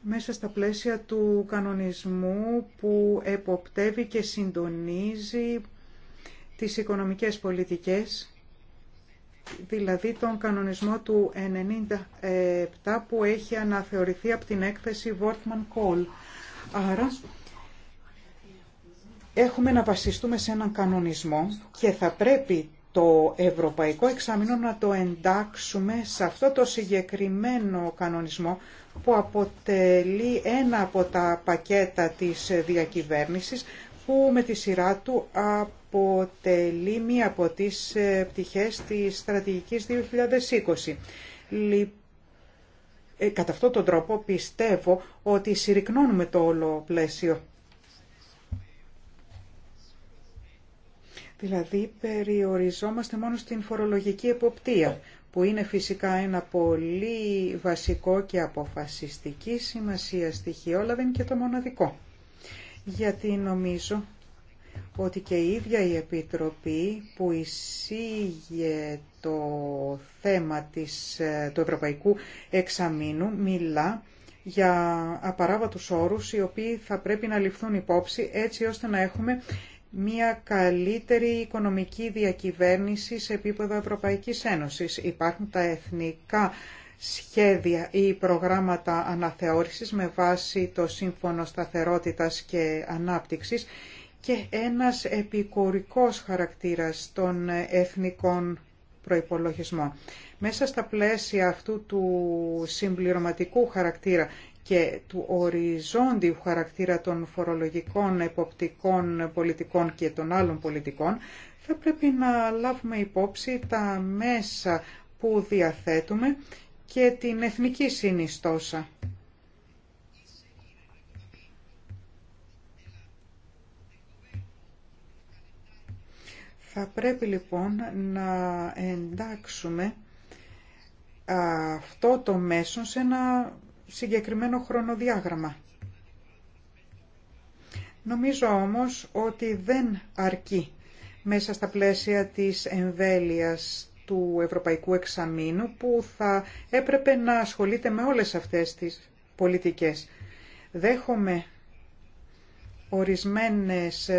μέσα στα πλαίσια του κανονισμού που εποπτεύει και συντονίζει τις οικονομικές πολιτικές, δηλαδή τον κανονισμό του 97 που έχει αναθεωρηθεί από την έκθεση wortmann κόλ, Άρα έχουμε να βασιστούμε σε έναν κανονισμό και θα πρέπει το Ευρωπαϊκό Εξάμεινο να το εντάξουμε σε αυτό το συγκεκριμένο κανονισμό που αποτελεί ένα από τα πακέτα της διακυβέρνησης που με τη σειρά του αποτελεί μία από τις ε, πτυχές της στρατηγικής 2020. Ε, κατά αυτόν τον τρόπο πιστεύω ότι συρρυκνώνουμε το όλο πλαίσιο Δηλαδή περιοριζόμαστε μόνο στην φορολογική εποπτεία, που είναι φυσικά ένα πολύ βασικό και αποφασιστική σημασία στοιχείο, αλλά δεν είναι και το μοναδικό. Γιατί νομίζω ότι και η ίδια η Επιτροπή που εισήγε το θέμα της, ε, του Ευρωπαϊκού Εξαμήνου μιλά για απαράβατους όρους οι οποίοι θα πρέπει να ληφθούν υπόψη έτσι ώστε να έχουμε μια καλύτερη οικονομική διακυβέρνηση σε επίπεδο Ευρωπαϊκής Ένωσης. Υπάρχουν τα εθνικά σχέδια ή προγράμματα αναθεώρησης με βάση το Σύμφωνο Σταθερότητας και Ανάπτυξης και ένας επικορικός χαρακτήρας των εθνικών προϋπολογισμών. Μέσα στα πλαίσια αυτού του συμπληρωματικού χαρακτήρα και του οριζόντιου χαρακτήρα των φορολογικών, εποπτικών πολιτικών και των άλλων πολιτικών, θα πρέπει να λάβουμε υπόψη τα μέσα που διαθέτουμε και την εθνική συνιστόσα. Θα πρέπει λοιπόν να εντάξουμε αυτό το μέσο σε ένα συγκεκριμένο χρονοδιάγραμμα. Νομίζω όμως ότι δεν αρκεί μέσα στα πλαίσια της εμβέλειας του Ευρωπαϊκού Εξαμήνου που θα έπρεπε να ασχολείται με όλες αυτές τις πολιτικές. Δέχομαι ορισμένες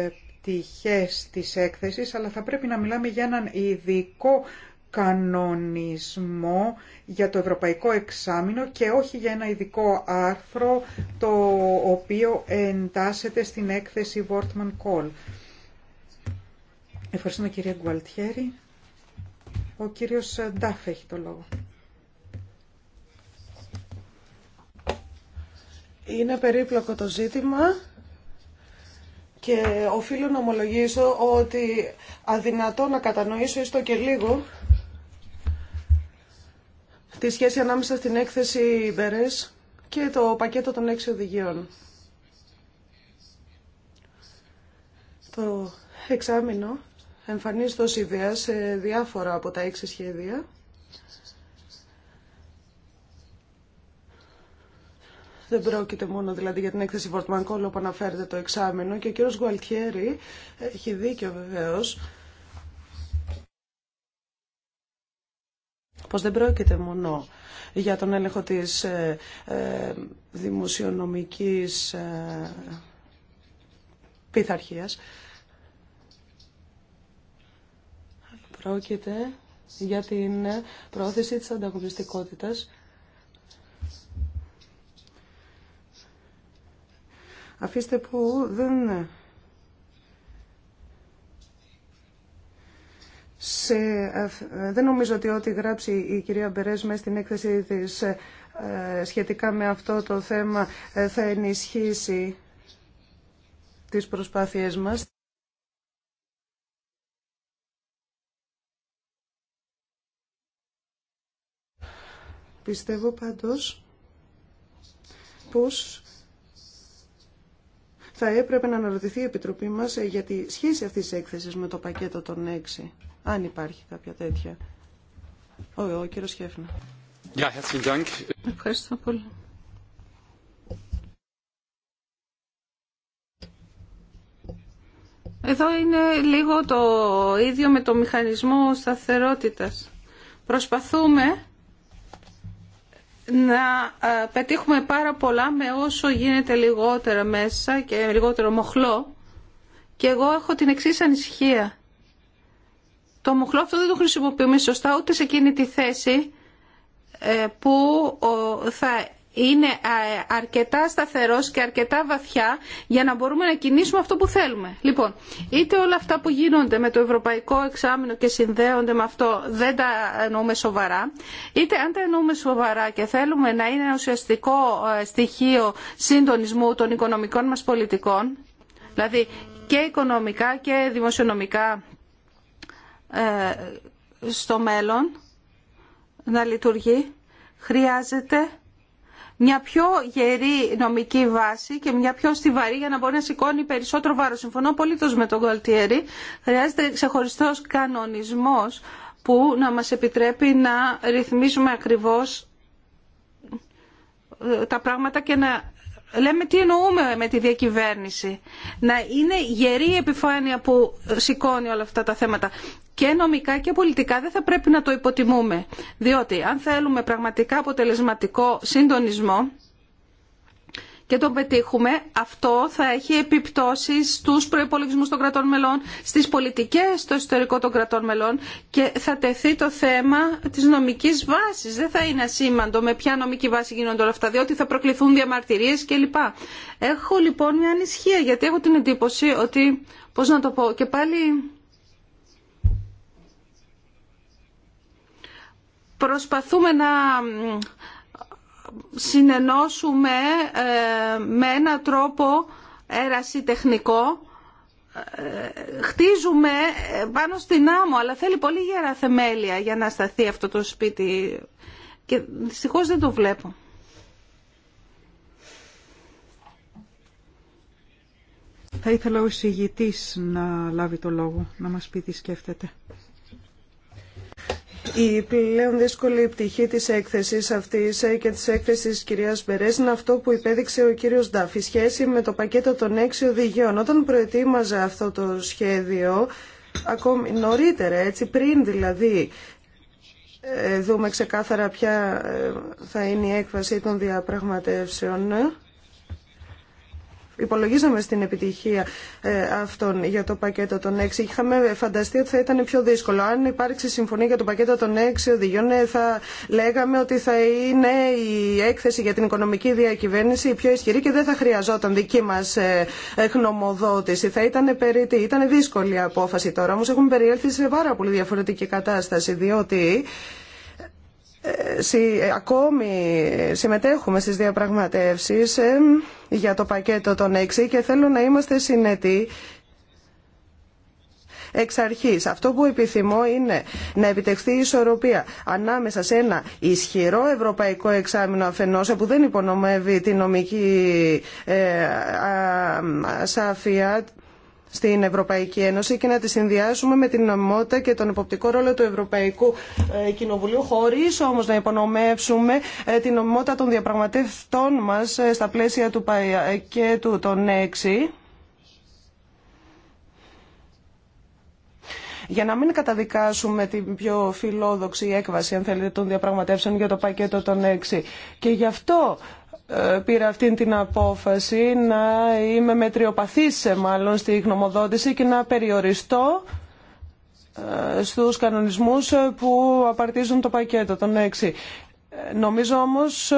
πτυχές της έκθεσης, αλλά θα πρέπει να μιλάμε για έναν ειδικό κανονισμό για το Ευρωπαϊκό Εξάμεινο και όχι για ένα ειδικό άρθρο το οποίο εντάσσεται στην έκθεση Wortman Call. Ευχαριστούμε κυρία Γκουαλτιέρη. Ο κύριος Ντάφ έχει το λόγο. Είναι περίπλοκο το ζήτημα και οφείλω να ομολογήσω ότι αδυνατό να κατανοήσω έστω και λίγο τη σχέση ανάμεσα στην έκθεση Μπερές και το πακέτο των έξι οδηγιών. Το εξάμεινο εμφανίζεται ως ιδέα σε διάφορα από τα έξι σχέδια. Δεν πρόκειται μόνο δηλαδή για την έκθεση Βορτμανκόλ που αναφέρεται το εξάμεινο και ο κύριος Γουαλτιέρη έχει δίκιο βεβαίως πως δεν πρόκειται μόνο για τον έλεγχο της ε, ε, δημοσιονομικής ε, πειθαρχίας. Πρόκειται για την πρόθεση της ανταγωνιστικότητας Αφήστε που δεν σε, ε, δεν νομίζω ότι ό,τι γράψει η κυρία Μπερές μέσα στην έκθεση της ε, σχετικά με αυτό το θέμα ε, θα ενισχύσει τις προσπάθειές μας. Πιστεύω πάντως πως θα έπρεπε να αναρωτηθεί η Επιτροπή μας για τη σχέση αυτής της έκθεσης με το πακέτο των έξι αν υπάρχει κάποια τέτοια. Ο, ο κύριος Χέφνα. Ευχαριστώ πολύ. Εδώ είναι λίγο το ίδιο με το μηχανισμό σταθερότητας. Προσπαθούμε να ε, πετύχουμε πάρα πολλά με όσο γίνεται λιγότερα μέσα και λιγότερο μοχλό. Και εγώ έχω την εξής ανησυχία. Το μοχλό αυτό δεν το χρησιμοποιούμε σωστά ούτε σε εκείνη τη θέση ε, που θα είναι αρκετά σταθερός και αρκετά βαθιά για να μπορούμε να κινήσουμε αυτό που θέλουμε. Λοιπόν, είτε όλα αυτά που γίνονται με το ευρωπαϊκό εξάμεινο και συνδέονται με αυτό δεν τα εννοούμε σοβαρά, είτε αν τα εννοούμε σοβαρά και θέλουμε να είναι ένα ουσιαστικό ε, στοιχείο συντονισμού των οικονομικών μας πολιτικών, δηλαδή και οικονομικά και δημοσιονομικά ε, στο μέλλον να λειτουργεί, χρειάζεται μια πιο γερή νομική βάση και μια πιο στιβαρή για να μπορεί να σηκώνει περισσότερο βάρος. Συμφωνώ πολύ με τον Γκολτιέρη. Χρειάζεται ξεχωριστός κανονισμός που να μας επιτρέπει να ρυθμίσουμε ακριβώς ε, τα πράγματα και να λέμε τι εννοούμε με τη διακυβέρνηση. Να είναι γερή η επιφάνεια που σηκώνει όλα αυτά τα θέματα και νομικά και πολιτικά δεν θα πρέπει να το υποτιμούμε. Διότι αν θέλουμε πραγματικά αποτελεσματικό συντονισμό και τον πετύχουμε, αυτό θα έχει επιπτώσεις στους προϋπολογισμούς των κρατών μελών, στις πολιτικές στο ιστορικό των κρατών μελών και θα τεθεί το θέμα της νομικής βάσης. Δεν θα είναι ασήμαντο με ποια νομική βάση γίνονται όλα αυτά, διότι θα προκληθούν διαμαρτυρίες κλπ. Έχω λοιπόν μια ανησυχία, γιατί έχω την εντύπωση ότι, πώς να το πω, και πάλι προσπαθούμε να συνενώσουμε ε, με έναν τρόπο τεχνικό. Ε, χτίζουμε ε, πάνω στην άμμο, αλλά θέλει πολύ γερά θεμέλια για να σταθεί αυτό το σπίτι και δυστυχώς δεν το βλέπω. Θα ήθελα ο εισηγητής να λάβει το λόγο, να μας πει τι σκέφτεται. Η πλέον δύσκολη πτυχή της έκθεσης αυτής και της έκθεσης της κυρίας Μπερές είναι αυτό που υπέδειξε ο κύριος Ντάφη σχέση με το πακέτο των έξι οδηγιών. Όταν προετοίμαζε αυτό το σχέδιο, ακόμη νωρίτερα, έτσι, πριν δηλαδή ε, δούμε ξεκάθαρα ποια ε, θα είναι η έκβαση των διαπραγματεύσεων, υπολογίζαμε στην επιτυχία ε, αυτών για το πακέτο των 6. Είχαμε φανταστεί ότι θα ήταν πιο δύσκολο. Αν υπάρξει συμφωνία για το πακέτο των 6 οδηγιών, ε, θα λέγαμε ότι θα είναι η έκθεση για την οικονομική διακυβέρνηση η πιο ισχυρή και δεν θα χρειαζόταν δική μα ε, γνωμοδότηση. Θα ήταν περίτη. Ήταν δύσκολη η απόφαση τώρα, όμω έχουμε περιέλθει σε πάρα πολύ διαφορετική κατάσταση, διότι ακόμη συμμετέχουμε στις διαπραγματεύσεις ε, για το πακέτο των έξι και θέλω να είμαστε συνετοί εξ αρχής. Αυτό που επιθυμώ είναι να επιτευχθεί η ισορροπία ανάμεσα σε ένα ισχυρό ευρωπαϊκό εξάμεινο αφενός που δεν υπονομεύει τη νομική ε, σαφία στην Ευρωπαϊκή Ένωση και να τη συνδυάσουμε με την νομιμότητα και τον εποπτικό ρόλο του Ευρωπαϊκού ε, Κοινοβουλίου, χωρί όμω να υπονομεύσουμε ε, την νομιμότητα των διαπραγματευτών μα ε, στα πλαίσια του πακέτου των 6. για να μην καταδικάσουμε την πιο φιλόδοξη έκβαση, αν θέλετε, των διαπραγματεύσεων για το πακέτο των 6. Και γι' αυτό ε, πήρα αυτή την απόφαση να είμαι μετριοπαθής ε, μάλλον στη γνωμοδότηση και να περιοριστώ ε, στους κανονισμούς που απαρτίζουν το πακέτο των 6. Νομίζω όμως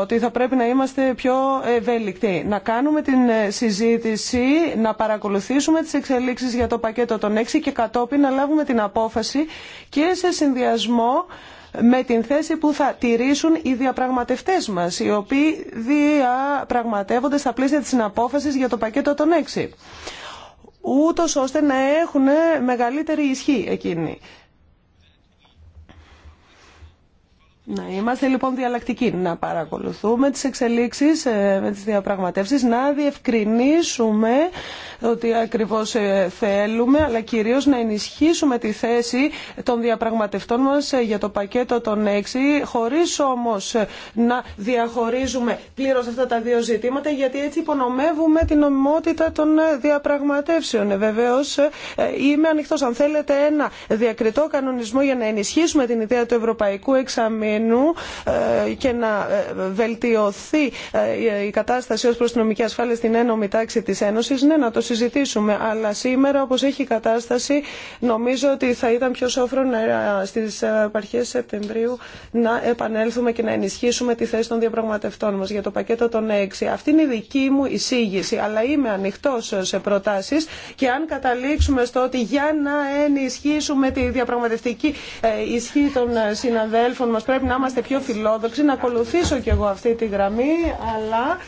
ότι θα πρέπει να είμαστε πιο ευέλικτοι. Να κάνουμε την συζήτηση, να παρακολουθήσουμε τις εξελίξεις για το πακέτο των 6 και κατόπιν να λάβουμε την απόφαση και σε συνδυασμό με την θέση που θα τηρήσουν οι διαπραγματευτές μας, οι οποίοι διαπραγματεύονται στα πλαίσια της συναπόφαση για το πακέτο των 6 ούτω ώστε να έχουν μεγαλύτερη ισχύ εκείνοι. Να είμαστε λοιπόν διαλλακτικοί, να παρακολουθούμε τις εξελίξεις ε, με τις διαπραγματεύσεις, να διευκρινίσουμε ότι ακριβώς ε, θέλουμε, αλλά κυρίως να ενισχύσουμε τη θέση των διαπραγματευτών μας ε, για το πακέτο των έξι, χωρίς όμως να διαχωρίζουμε πλήρως αυτά τα δύο ζητήματα, γιατί έτσι υπονομεύουμε την νομιμότητα των διαπραγματεύσεων. Βεβαίως είμαι ανοιχτό. αν θέλετε ένα διακριτό κανονισμό για να ενισχύσουμε την ιδέα του Ευρωπαϊκού Εξαμήνου, ε, και να ε, βελτιωθεί ε, η κατάσταση ως προς την νομική ασφάλεια στην ένωμη τάξη της Ένωσης, ναι, να το συζητήσουμε. Αλλά σήμερα, όπως έχει η κατάσταση, νομίζω ότι θα ήταν πιο σόφρο στις αρχές Σεπτεμβρίου να επανέλθουμε και να ενισχύσουμε τη θέση των διαπραγματευτών μας για το πακέτο των 6. Αυτή είναι η δική μου εισήγηση, αλλά είμαι ανοιχτός σε προτάσεις και αν καταλήξουμε στο ότι για να ενισχύσουμε τη διαπραγματευτική ισχύ των συναδέλφων μας πρέπει να είμαστε πιο φιλόδοξοι, να ακολουθήσω κι εγώ αυτή τη γραμμή, αλλά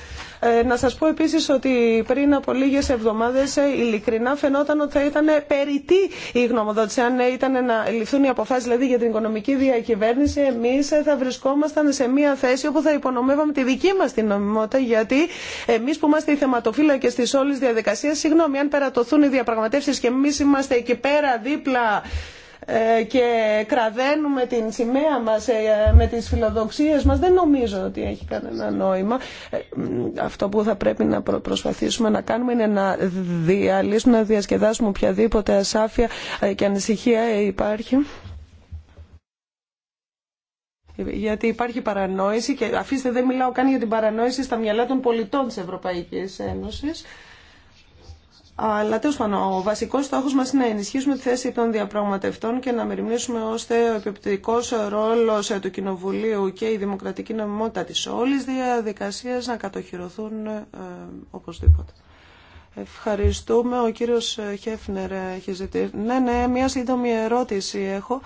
ε, να σας πω επίσης ότι πριν από λίγες εβδομάδες ε, ειλικρινά φαινόταν ότι θα ήταν περιττή η γνωμοδότηση. Αν ε, ήταν να ληφθούν οι αποφάσεις δηλαδή, για την οικονομική διακυβέρνηση, εμείς θα βρισκόμασταν σε μια θέση όπου θα υπονομεύαμε τη δική μας την νομιμότητα, γιατί εμείς που είμαστε οι θεματοφύλακες της όλης διαδικασίας, συγγνώμη, αν περατωθούν οι διαπραγματεύσεις και εμείς είμαστε εκεί πέρα δίπλα ε, και κραδένουμε την σημαία μας ε, με τις φιλοδοξίες μας δεν νομίζω ότι έχει κανένα νόημα ε, αυτό που θα πρέπει να προσπαθήσουμε να κάνουμε είναι να διαλύσουμε, να διασκεδάσουμε οποιαδήποτε ασάφεια και ανησυχία υπάρχει γιατί υπάρχει παρανόηση και αφήστε δεν μιλάω καν για την παρανόηση στα μυαλά των πολιτών της Ευρωπαϊκής Ένωσης αλλά τέλο πάντων, ο βασικό στόχο μα είναι να ενισχύσουμε τη θέση των διαπραγματευτών και να μεριμνήσουμε ώστε ο επιπτικό ρόλο του Κοινοβουλίου και η δημοκρατική νομιμότητα τη όλη διαδικασία να κατοχυρωθούν ε, οπωσδήποτε. Ευχαριστούμε. Ο κύριο Χέφνερ έχει ζητήσει. Ναι, ναι, μία σύντομη ερώτηση έχω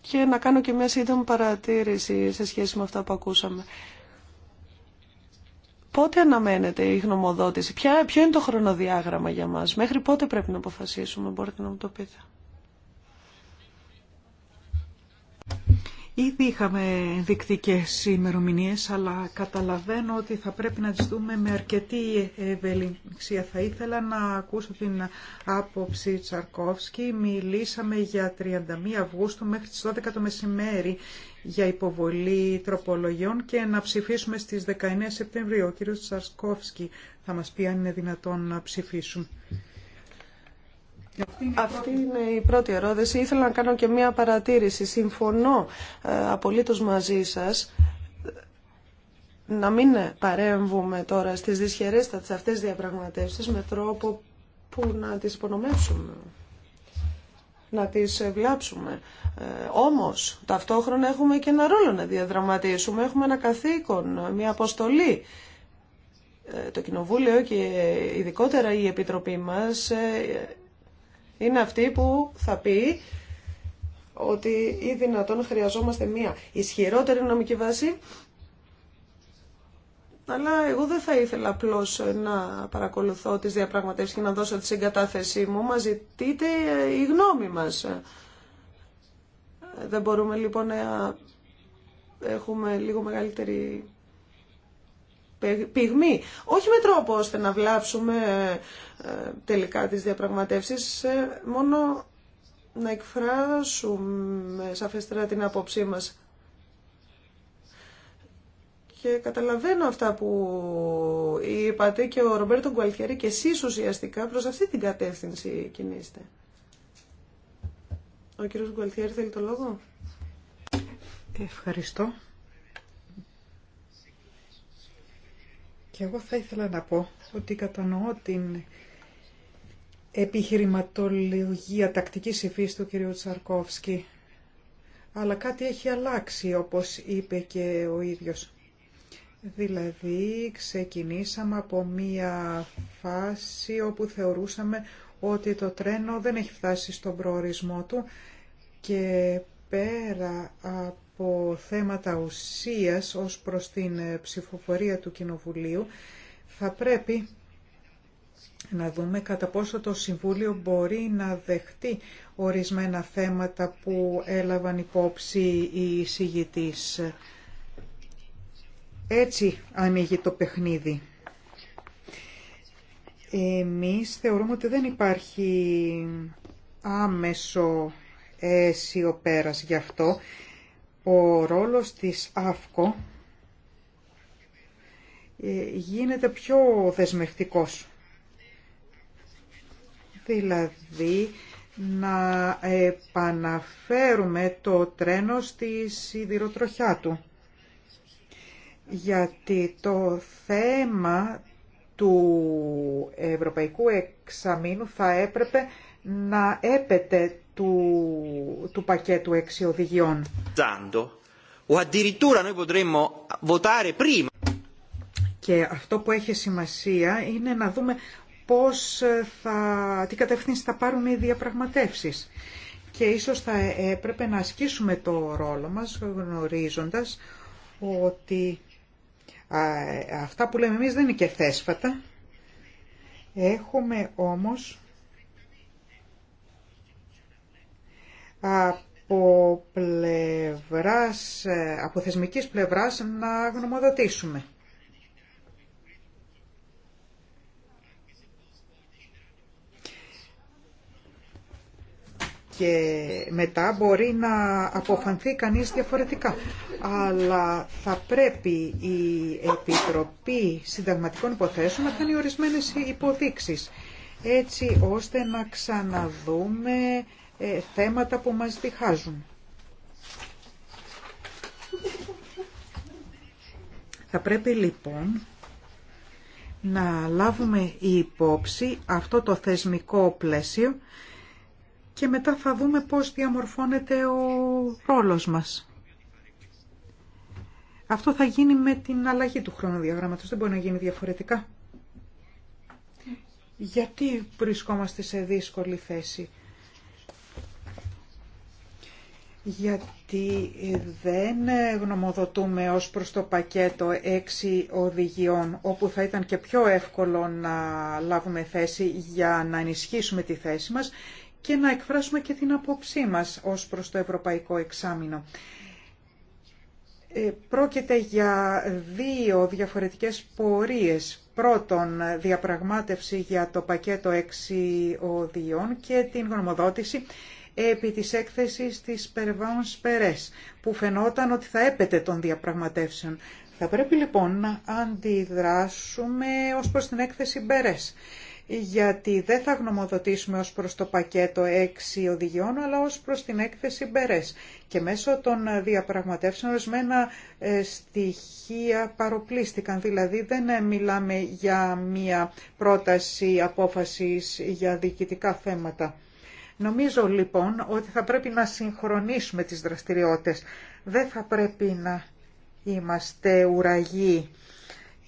και να κάνω και μία σύντομη παρατήρηση σε σχέση με αυτά που ακούσαμε. Πότε αναμένεται η γνωμοδότηση, ποιο είναι το χρονοδιάγραμμα για μας, μέχρι πότε πρέπει να αποφασίσουμε, μπορείτε να μου το πείτε. Ήδη είχαμε δεικτικές ημερομηνίε, αλλά καταλαβαίνω ότι θα πρέπει να τις δούμε με αρκετή ευελιξία. Θα ήθελα να ακούσω την άποψη Τσαρκόφσκη. Μιλήσαμε για 31 Αυγούστου μέχρι τις 12 το μεσημέρι για υποβολή τροπολογιών και να ψηφίσουμε στις 19 Σεπτεμβρίου. Ο κύριος Τσαρσκόφσκι θα μας πει αν είναι δυνατόν να ψηφίσουν. Αυτή είναι η πρώτη ερώτηση. Ήθελα να κάνω και μία παρατήρηση. Συμφωνώ ε, απολύτως μαζί σας να μην παρέμβουμε τώρα στις δυσχερέστατες αυτές τις διαπραγματεύσεις με τρόπο που να τις υπονομεύσουμε, να τις βλάψουμε. Ε, όμως ταυτόχρονα έχουμε και ένα ρόλο να διαδραματίσουμε, έχουμε ένα καθήκον, μια αποστολή. Ε, το Κοινοβούλιο και ειδικότερα η Επιτροπή μας ε, είναι αυτή που θα πει ότι ή δυνατόν χρειαζόμαστε μια ισχυρότερη νομική βάση, αλλά εγώ δεν θα ήθελα απλώ να παρακολουθώ τις διαπραγματεύσεις και να δώσω τη συγκατάθεσή μου. μα ζητείτε η γνώμη μας. Δεν μπορούμε λοιπόν να έχουμε λίγο μεγαλύτερη πυγμή. Όχι με τρόπο ώστε να βλάψουμε ε, τελικά τις διαπραγματεύσεις, ε, μόνο να εκφράσουμε σαφέστερα την άποψή μας. Και καταλαβαίνω αυτά που είπατε και ο Ρομπέρτο Γκουαλτιαρή και εσείς ουσιαστικά προς αυτή την κατεύθυνση κινείστε. Ο κύριο Γκουαλτιέρη θέλει το λόγο. Ευχαριστώ. Και εγώ θα ήθελα να πω ότι κατανοώ την επιχειρηματολογία τακτική υφή του κυρίου Τσαρκόφσκι. Αλλά κάτι έχει αλλάξει, όπως είπε και ο ίδιος. Δηλαδή, ξεκινήσαμε από μία φάση όπου θεωρούσαμε ότι το τρένο δεν έχει φτάσει στον προορισμό του και πέρα από θέματα ουσίας ως προς την ε, ψηφοφορία του Κοινοβουλίου, θα πρέπει να δούμε κατά πόσο το Συμβούλιο μπορεί να δεχτεί ορισμένα θέματα που έλαβαν υπόψη οι εισηγητής. Έτσι ανοίγει το παιχνίδι. Εμείς θεωρούμε ότι δεν υπάρχει άμεσο αίσιο πέρας. Γι' αυτό ο ρόλος της ΑΦΚΟ ε, γίνεται πιο δεσμευτικός. Δηλαδή να επαναφέρουμε το τρένο στη σιδηροτροχιά του. Γιατί το θέμα του Ευρωπαϊκού Εξαμήνου θα έπρεπε να έπεται του, του πακέτου έξι οδηγιών. Και αυτό που έχει σημασία είναι να δούμε πώς ε, θα, τι κατεύθυνση θα πάρουν οι διαπραγματεύσεις. Και ίσως θα έπρεπε να ασκήσουμε το ρόλο μας γνωρίζοντας ότι αυτά που λέμε εμείς δεν είναι και θέσφατα. Έχουμε όμως από, πλευράς, ε, από θεσμικής πλευράς να γνωμοδοτήσουμε. και μετά μπορεί να αποφανθεί κανείς διαφορετικά. Αλλά θα πρέπει η Επιτροπή Συνταγματικών Υποθέσεων να κάνει ορισμένες υποδείξεις έτσι ώστε να ξαναδούμε ε, θέματα που μας διχάζουν. Θα πρέπει λοιπόν να λάβουμε υπόψη αυτό το θεσμικό πλαίσιο και μετά θα δούμε πώς διαμορφώνεται ο ρόλος μας. Αυτό θα γίνει με την αλλαγή του χρονοδιαγράμματος, δεν μπορεί να γίνει διαφορετικά. Γιατί βρισκόμαστε σε δύσκολη θέση γιατί δεν γνωμοδοτούμε ως προς το πακέτο έξι οδηγιών, όπου θα ήταν και πιο εύκολο να λάβουμε θέση για να ενισχύσουμε τη θέση μας και να εκφράσουμε και την απόψή μας ως προς το Ευρωπαϊκό Εξάμεινο. Ε, πρόκειται για δύο διαφορετικές πορείες. Πρώτον, διαπραγμάτευση για το πακέτο έξι οδηγιών και την γνωμοδότηση επί της έκθεσης της Περβάων Περές, που φαινόταν ότι θα έπετε των διαπραγματεύσεων. Θα πρέπει λοιπόν να αντιδράσουμε ως προς την έκθεση Μπερές, γιατί δεν θα γνωμοδοτήσουμε ως προς το πακέτο 6 οδηγιών, αλλά ως προς την έκθεση Μπερές. Και μέσω των διαπραγματεύσεων ορισμένα ε, στοιχεία παροπλίστηκαν, δηλαδή δεν ε, μιλάμε για μία πρόταση απόφασης για διοικητικά θέματα. Νομίζω λοιπόν ότι θα πρέπει να συγχρονίσουμε τις δραστηριότητες. Δεν θα πρέπει να είμαστε ουραγοί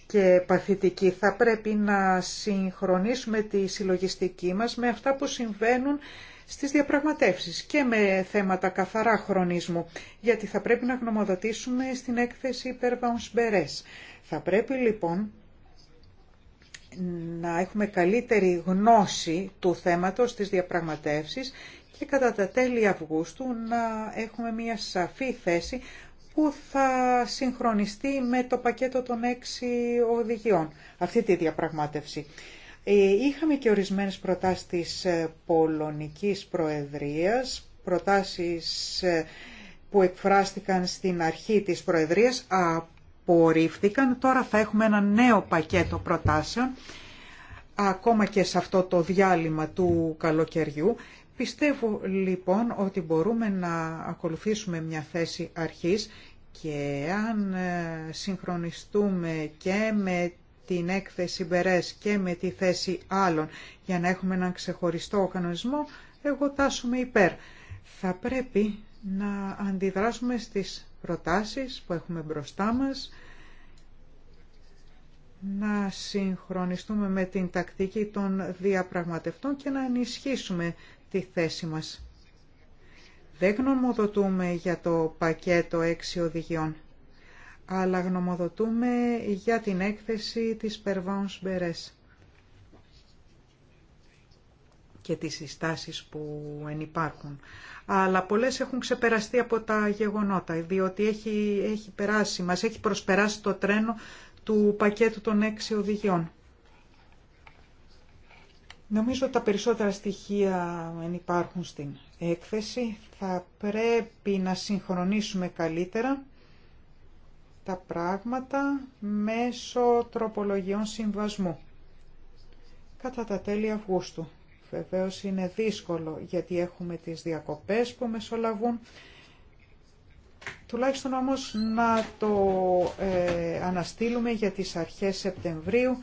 και παθητικοί. Θα πρέπει να συγχρονίσουμε τη συλλογιστική μας με αυτά που συμβαίνουν στις διαπραγματεύσεις και με θέματα καθαρά χρονισμού, γιατί θα πρέπει να γνωμοδοτήσουμε στην έκθεση υπερβαονσμπερές. Θα πρέπει λοιπόν να έχουμε καλύτερη γνώση του θέματος της διαπραγματεύσεις και κατά τα τέλη Αυγούστου να έχουμε μια σαφή θέση που θα συγχρονιστεί με το πακέτο των έξι οδηγιών, αυτή τη διαπραγμάτευση. Ε, είχαμε και ορισμένες προτάσεις της ε, Πολωνικής Προεδρίας, προτάσεις ε, που εκφράστηκαν στην αρχή της Προεδρίας από Τώρα θα έχουμε ένα νέο πακέτο προτάσεων, ακόμα και σε αυτό το διάλειμμα του καλοκαιριού. Πιστεύω λοιπόν ότι μπορούμε να ακολουθήσουμε μια θέση αρχής και αν ε, συγχρονιστούμε και με την έκθεση Μπερές και με τη θέση άλλων για να έχουμε έναν ξεχωριστό κανονισμό, εγώ τάσουμε υπέρ. Θα πρέπει να αντιδράσουμε στις προτάσεις που έχουμε μπροστά μας, να συγχρονιστούμε με την τακτική των διαπραγματευτών και να ενισχύσουμε τη θέση μας. Δεν γνωμοδοτούμε για το πακέτο έξι οδηγιών, αλλά γνωμοδοτούμε για την έκθεση της Περβάνς Μπερές και τις συστάσεις που ενυπάρχουν. Αλλά πολλές έχουν ξεπεραστεί από τα γεγονότα, διότι έχει, έχει περάσει, μας έχει προσπεράσει το τρένο του πακέτου των έξι οδηγιών. Νομίζω τα περισσότερα στοιχεία ενυπάρχουν υπάρχουν στην έκθεση. Θα πρέπει να συγχρονίσουμε καλύτερα τα πράγματα μέσω τροπολογιών συμβασμού κατά τα τέλη Αυγούστου. Βεβαίως είναι δύσκολο γιατί έχουμε τις διακοπές που μεσολαβούν. Τουλάχιστον όμως να το ε, αναστείλουμε για τις αρχές Σεπτεμβρίου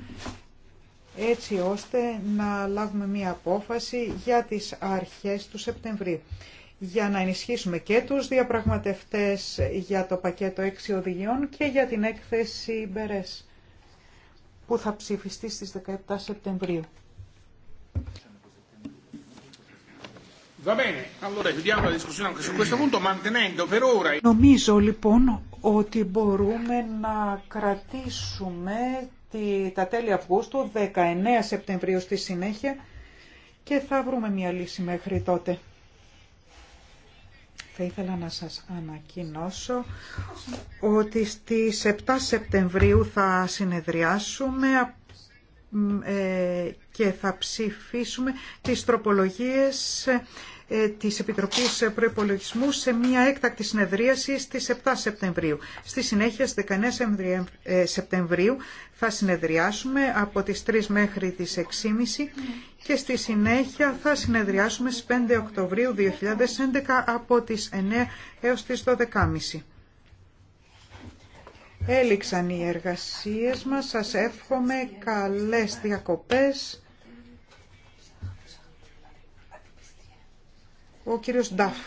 έτσι ώστε να λάβουμε μία απόφαση για τις αρχές του Σεπτεμβρίου για να ενισχύσουμε και τους διαπραγματευτές για το πακέτο 6 οδηγιών και για την έκθεση Μπερές που θα ψηφιστεί στις 17 Σεπτεμβρίου. Νομίζω λοιπόν ότι μπορούμε να κρατήσουμε τη, τα τέλη Αυγούστου, 19 Σεπτεμβρίου στη συνέχεια και θα βρούμε μια λύση μέχρι τότε. Θα ήθελα να σας ανακοινώσω ότι στις 7 Σεπτεμβρίου θα συνεδριάσουμε ε, και θα ψηφίσουμε τις τροπολογίες ε, της Επιτροπής Προϋπολογισμού σε μια έκτακτη συνεδρίαση στις 7 Σεπτεμβρίου. Στη συνέχεια στις 19 ε, Σεπτεμβρίου θα συνεδριάσουμε από τις 3 μέχρι τις 6.30 και στη συνέχεια θα συνεδριάσουμε στις 5 Οκτωβρίου 2011 από τις 9 έως τις 12.30. Έληξαν οι εργασίες μας. Σας εύχομαι καλές διακοπές. Ο κύριος Νταφ.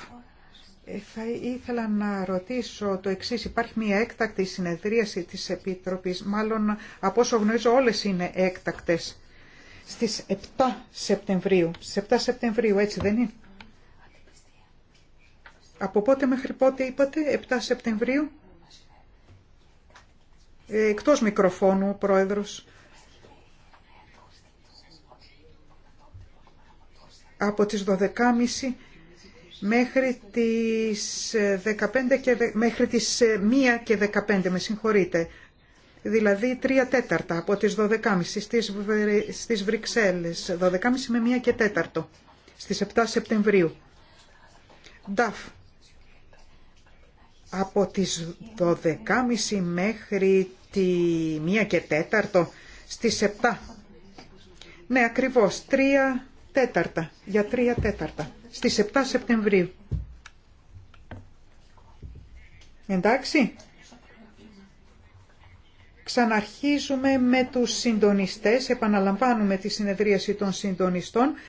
Ε, θα ήθελα να ρωτήσω το εξή Υπάρχει μια έκτακτη συνεδρίαση της Επιτροπής. Μάλλον, από όσο γνωρίζω, όλες είναι έκτακτες. Στις 7 Σεπτεμβρίου. Στις 7 Σεπτεμβρίου, έτσι δεν είναι. Από πότε μέχρι πότε είπατε, 7 Σεπτεμβρίου. Εκτός μικροφώνου ο Πρόεδρος. Από τις 12.30 μέχρι τις, 15 ε, και, μέχρι τις 1 ε, και 15, με συγχωρείτε. Δηλαδή 3 τέταρτα από τις 12.30 στις, στις Βρυξέλλες, 12.30 με 1 και τέταρτο στις 7 Σεπτεμβρίου. Νταφ. Από τις 12.30 μέχρι τη μία και τέταρτο, στις 7. Ναι, ακριβώς, τρία τέταρτα, για τρία τέταρτα, στις 7 Σεπτεμβρίου. Εντάξει. Ξαναρχίζουμε με τους συντονιστές, επαναλαμβάνουμε τη συνεδρίαση των συντονιστών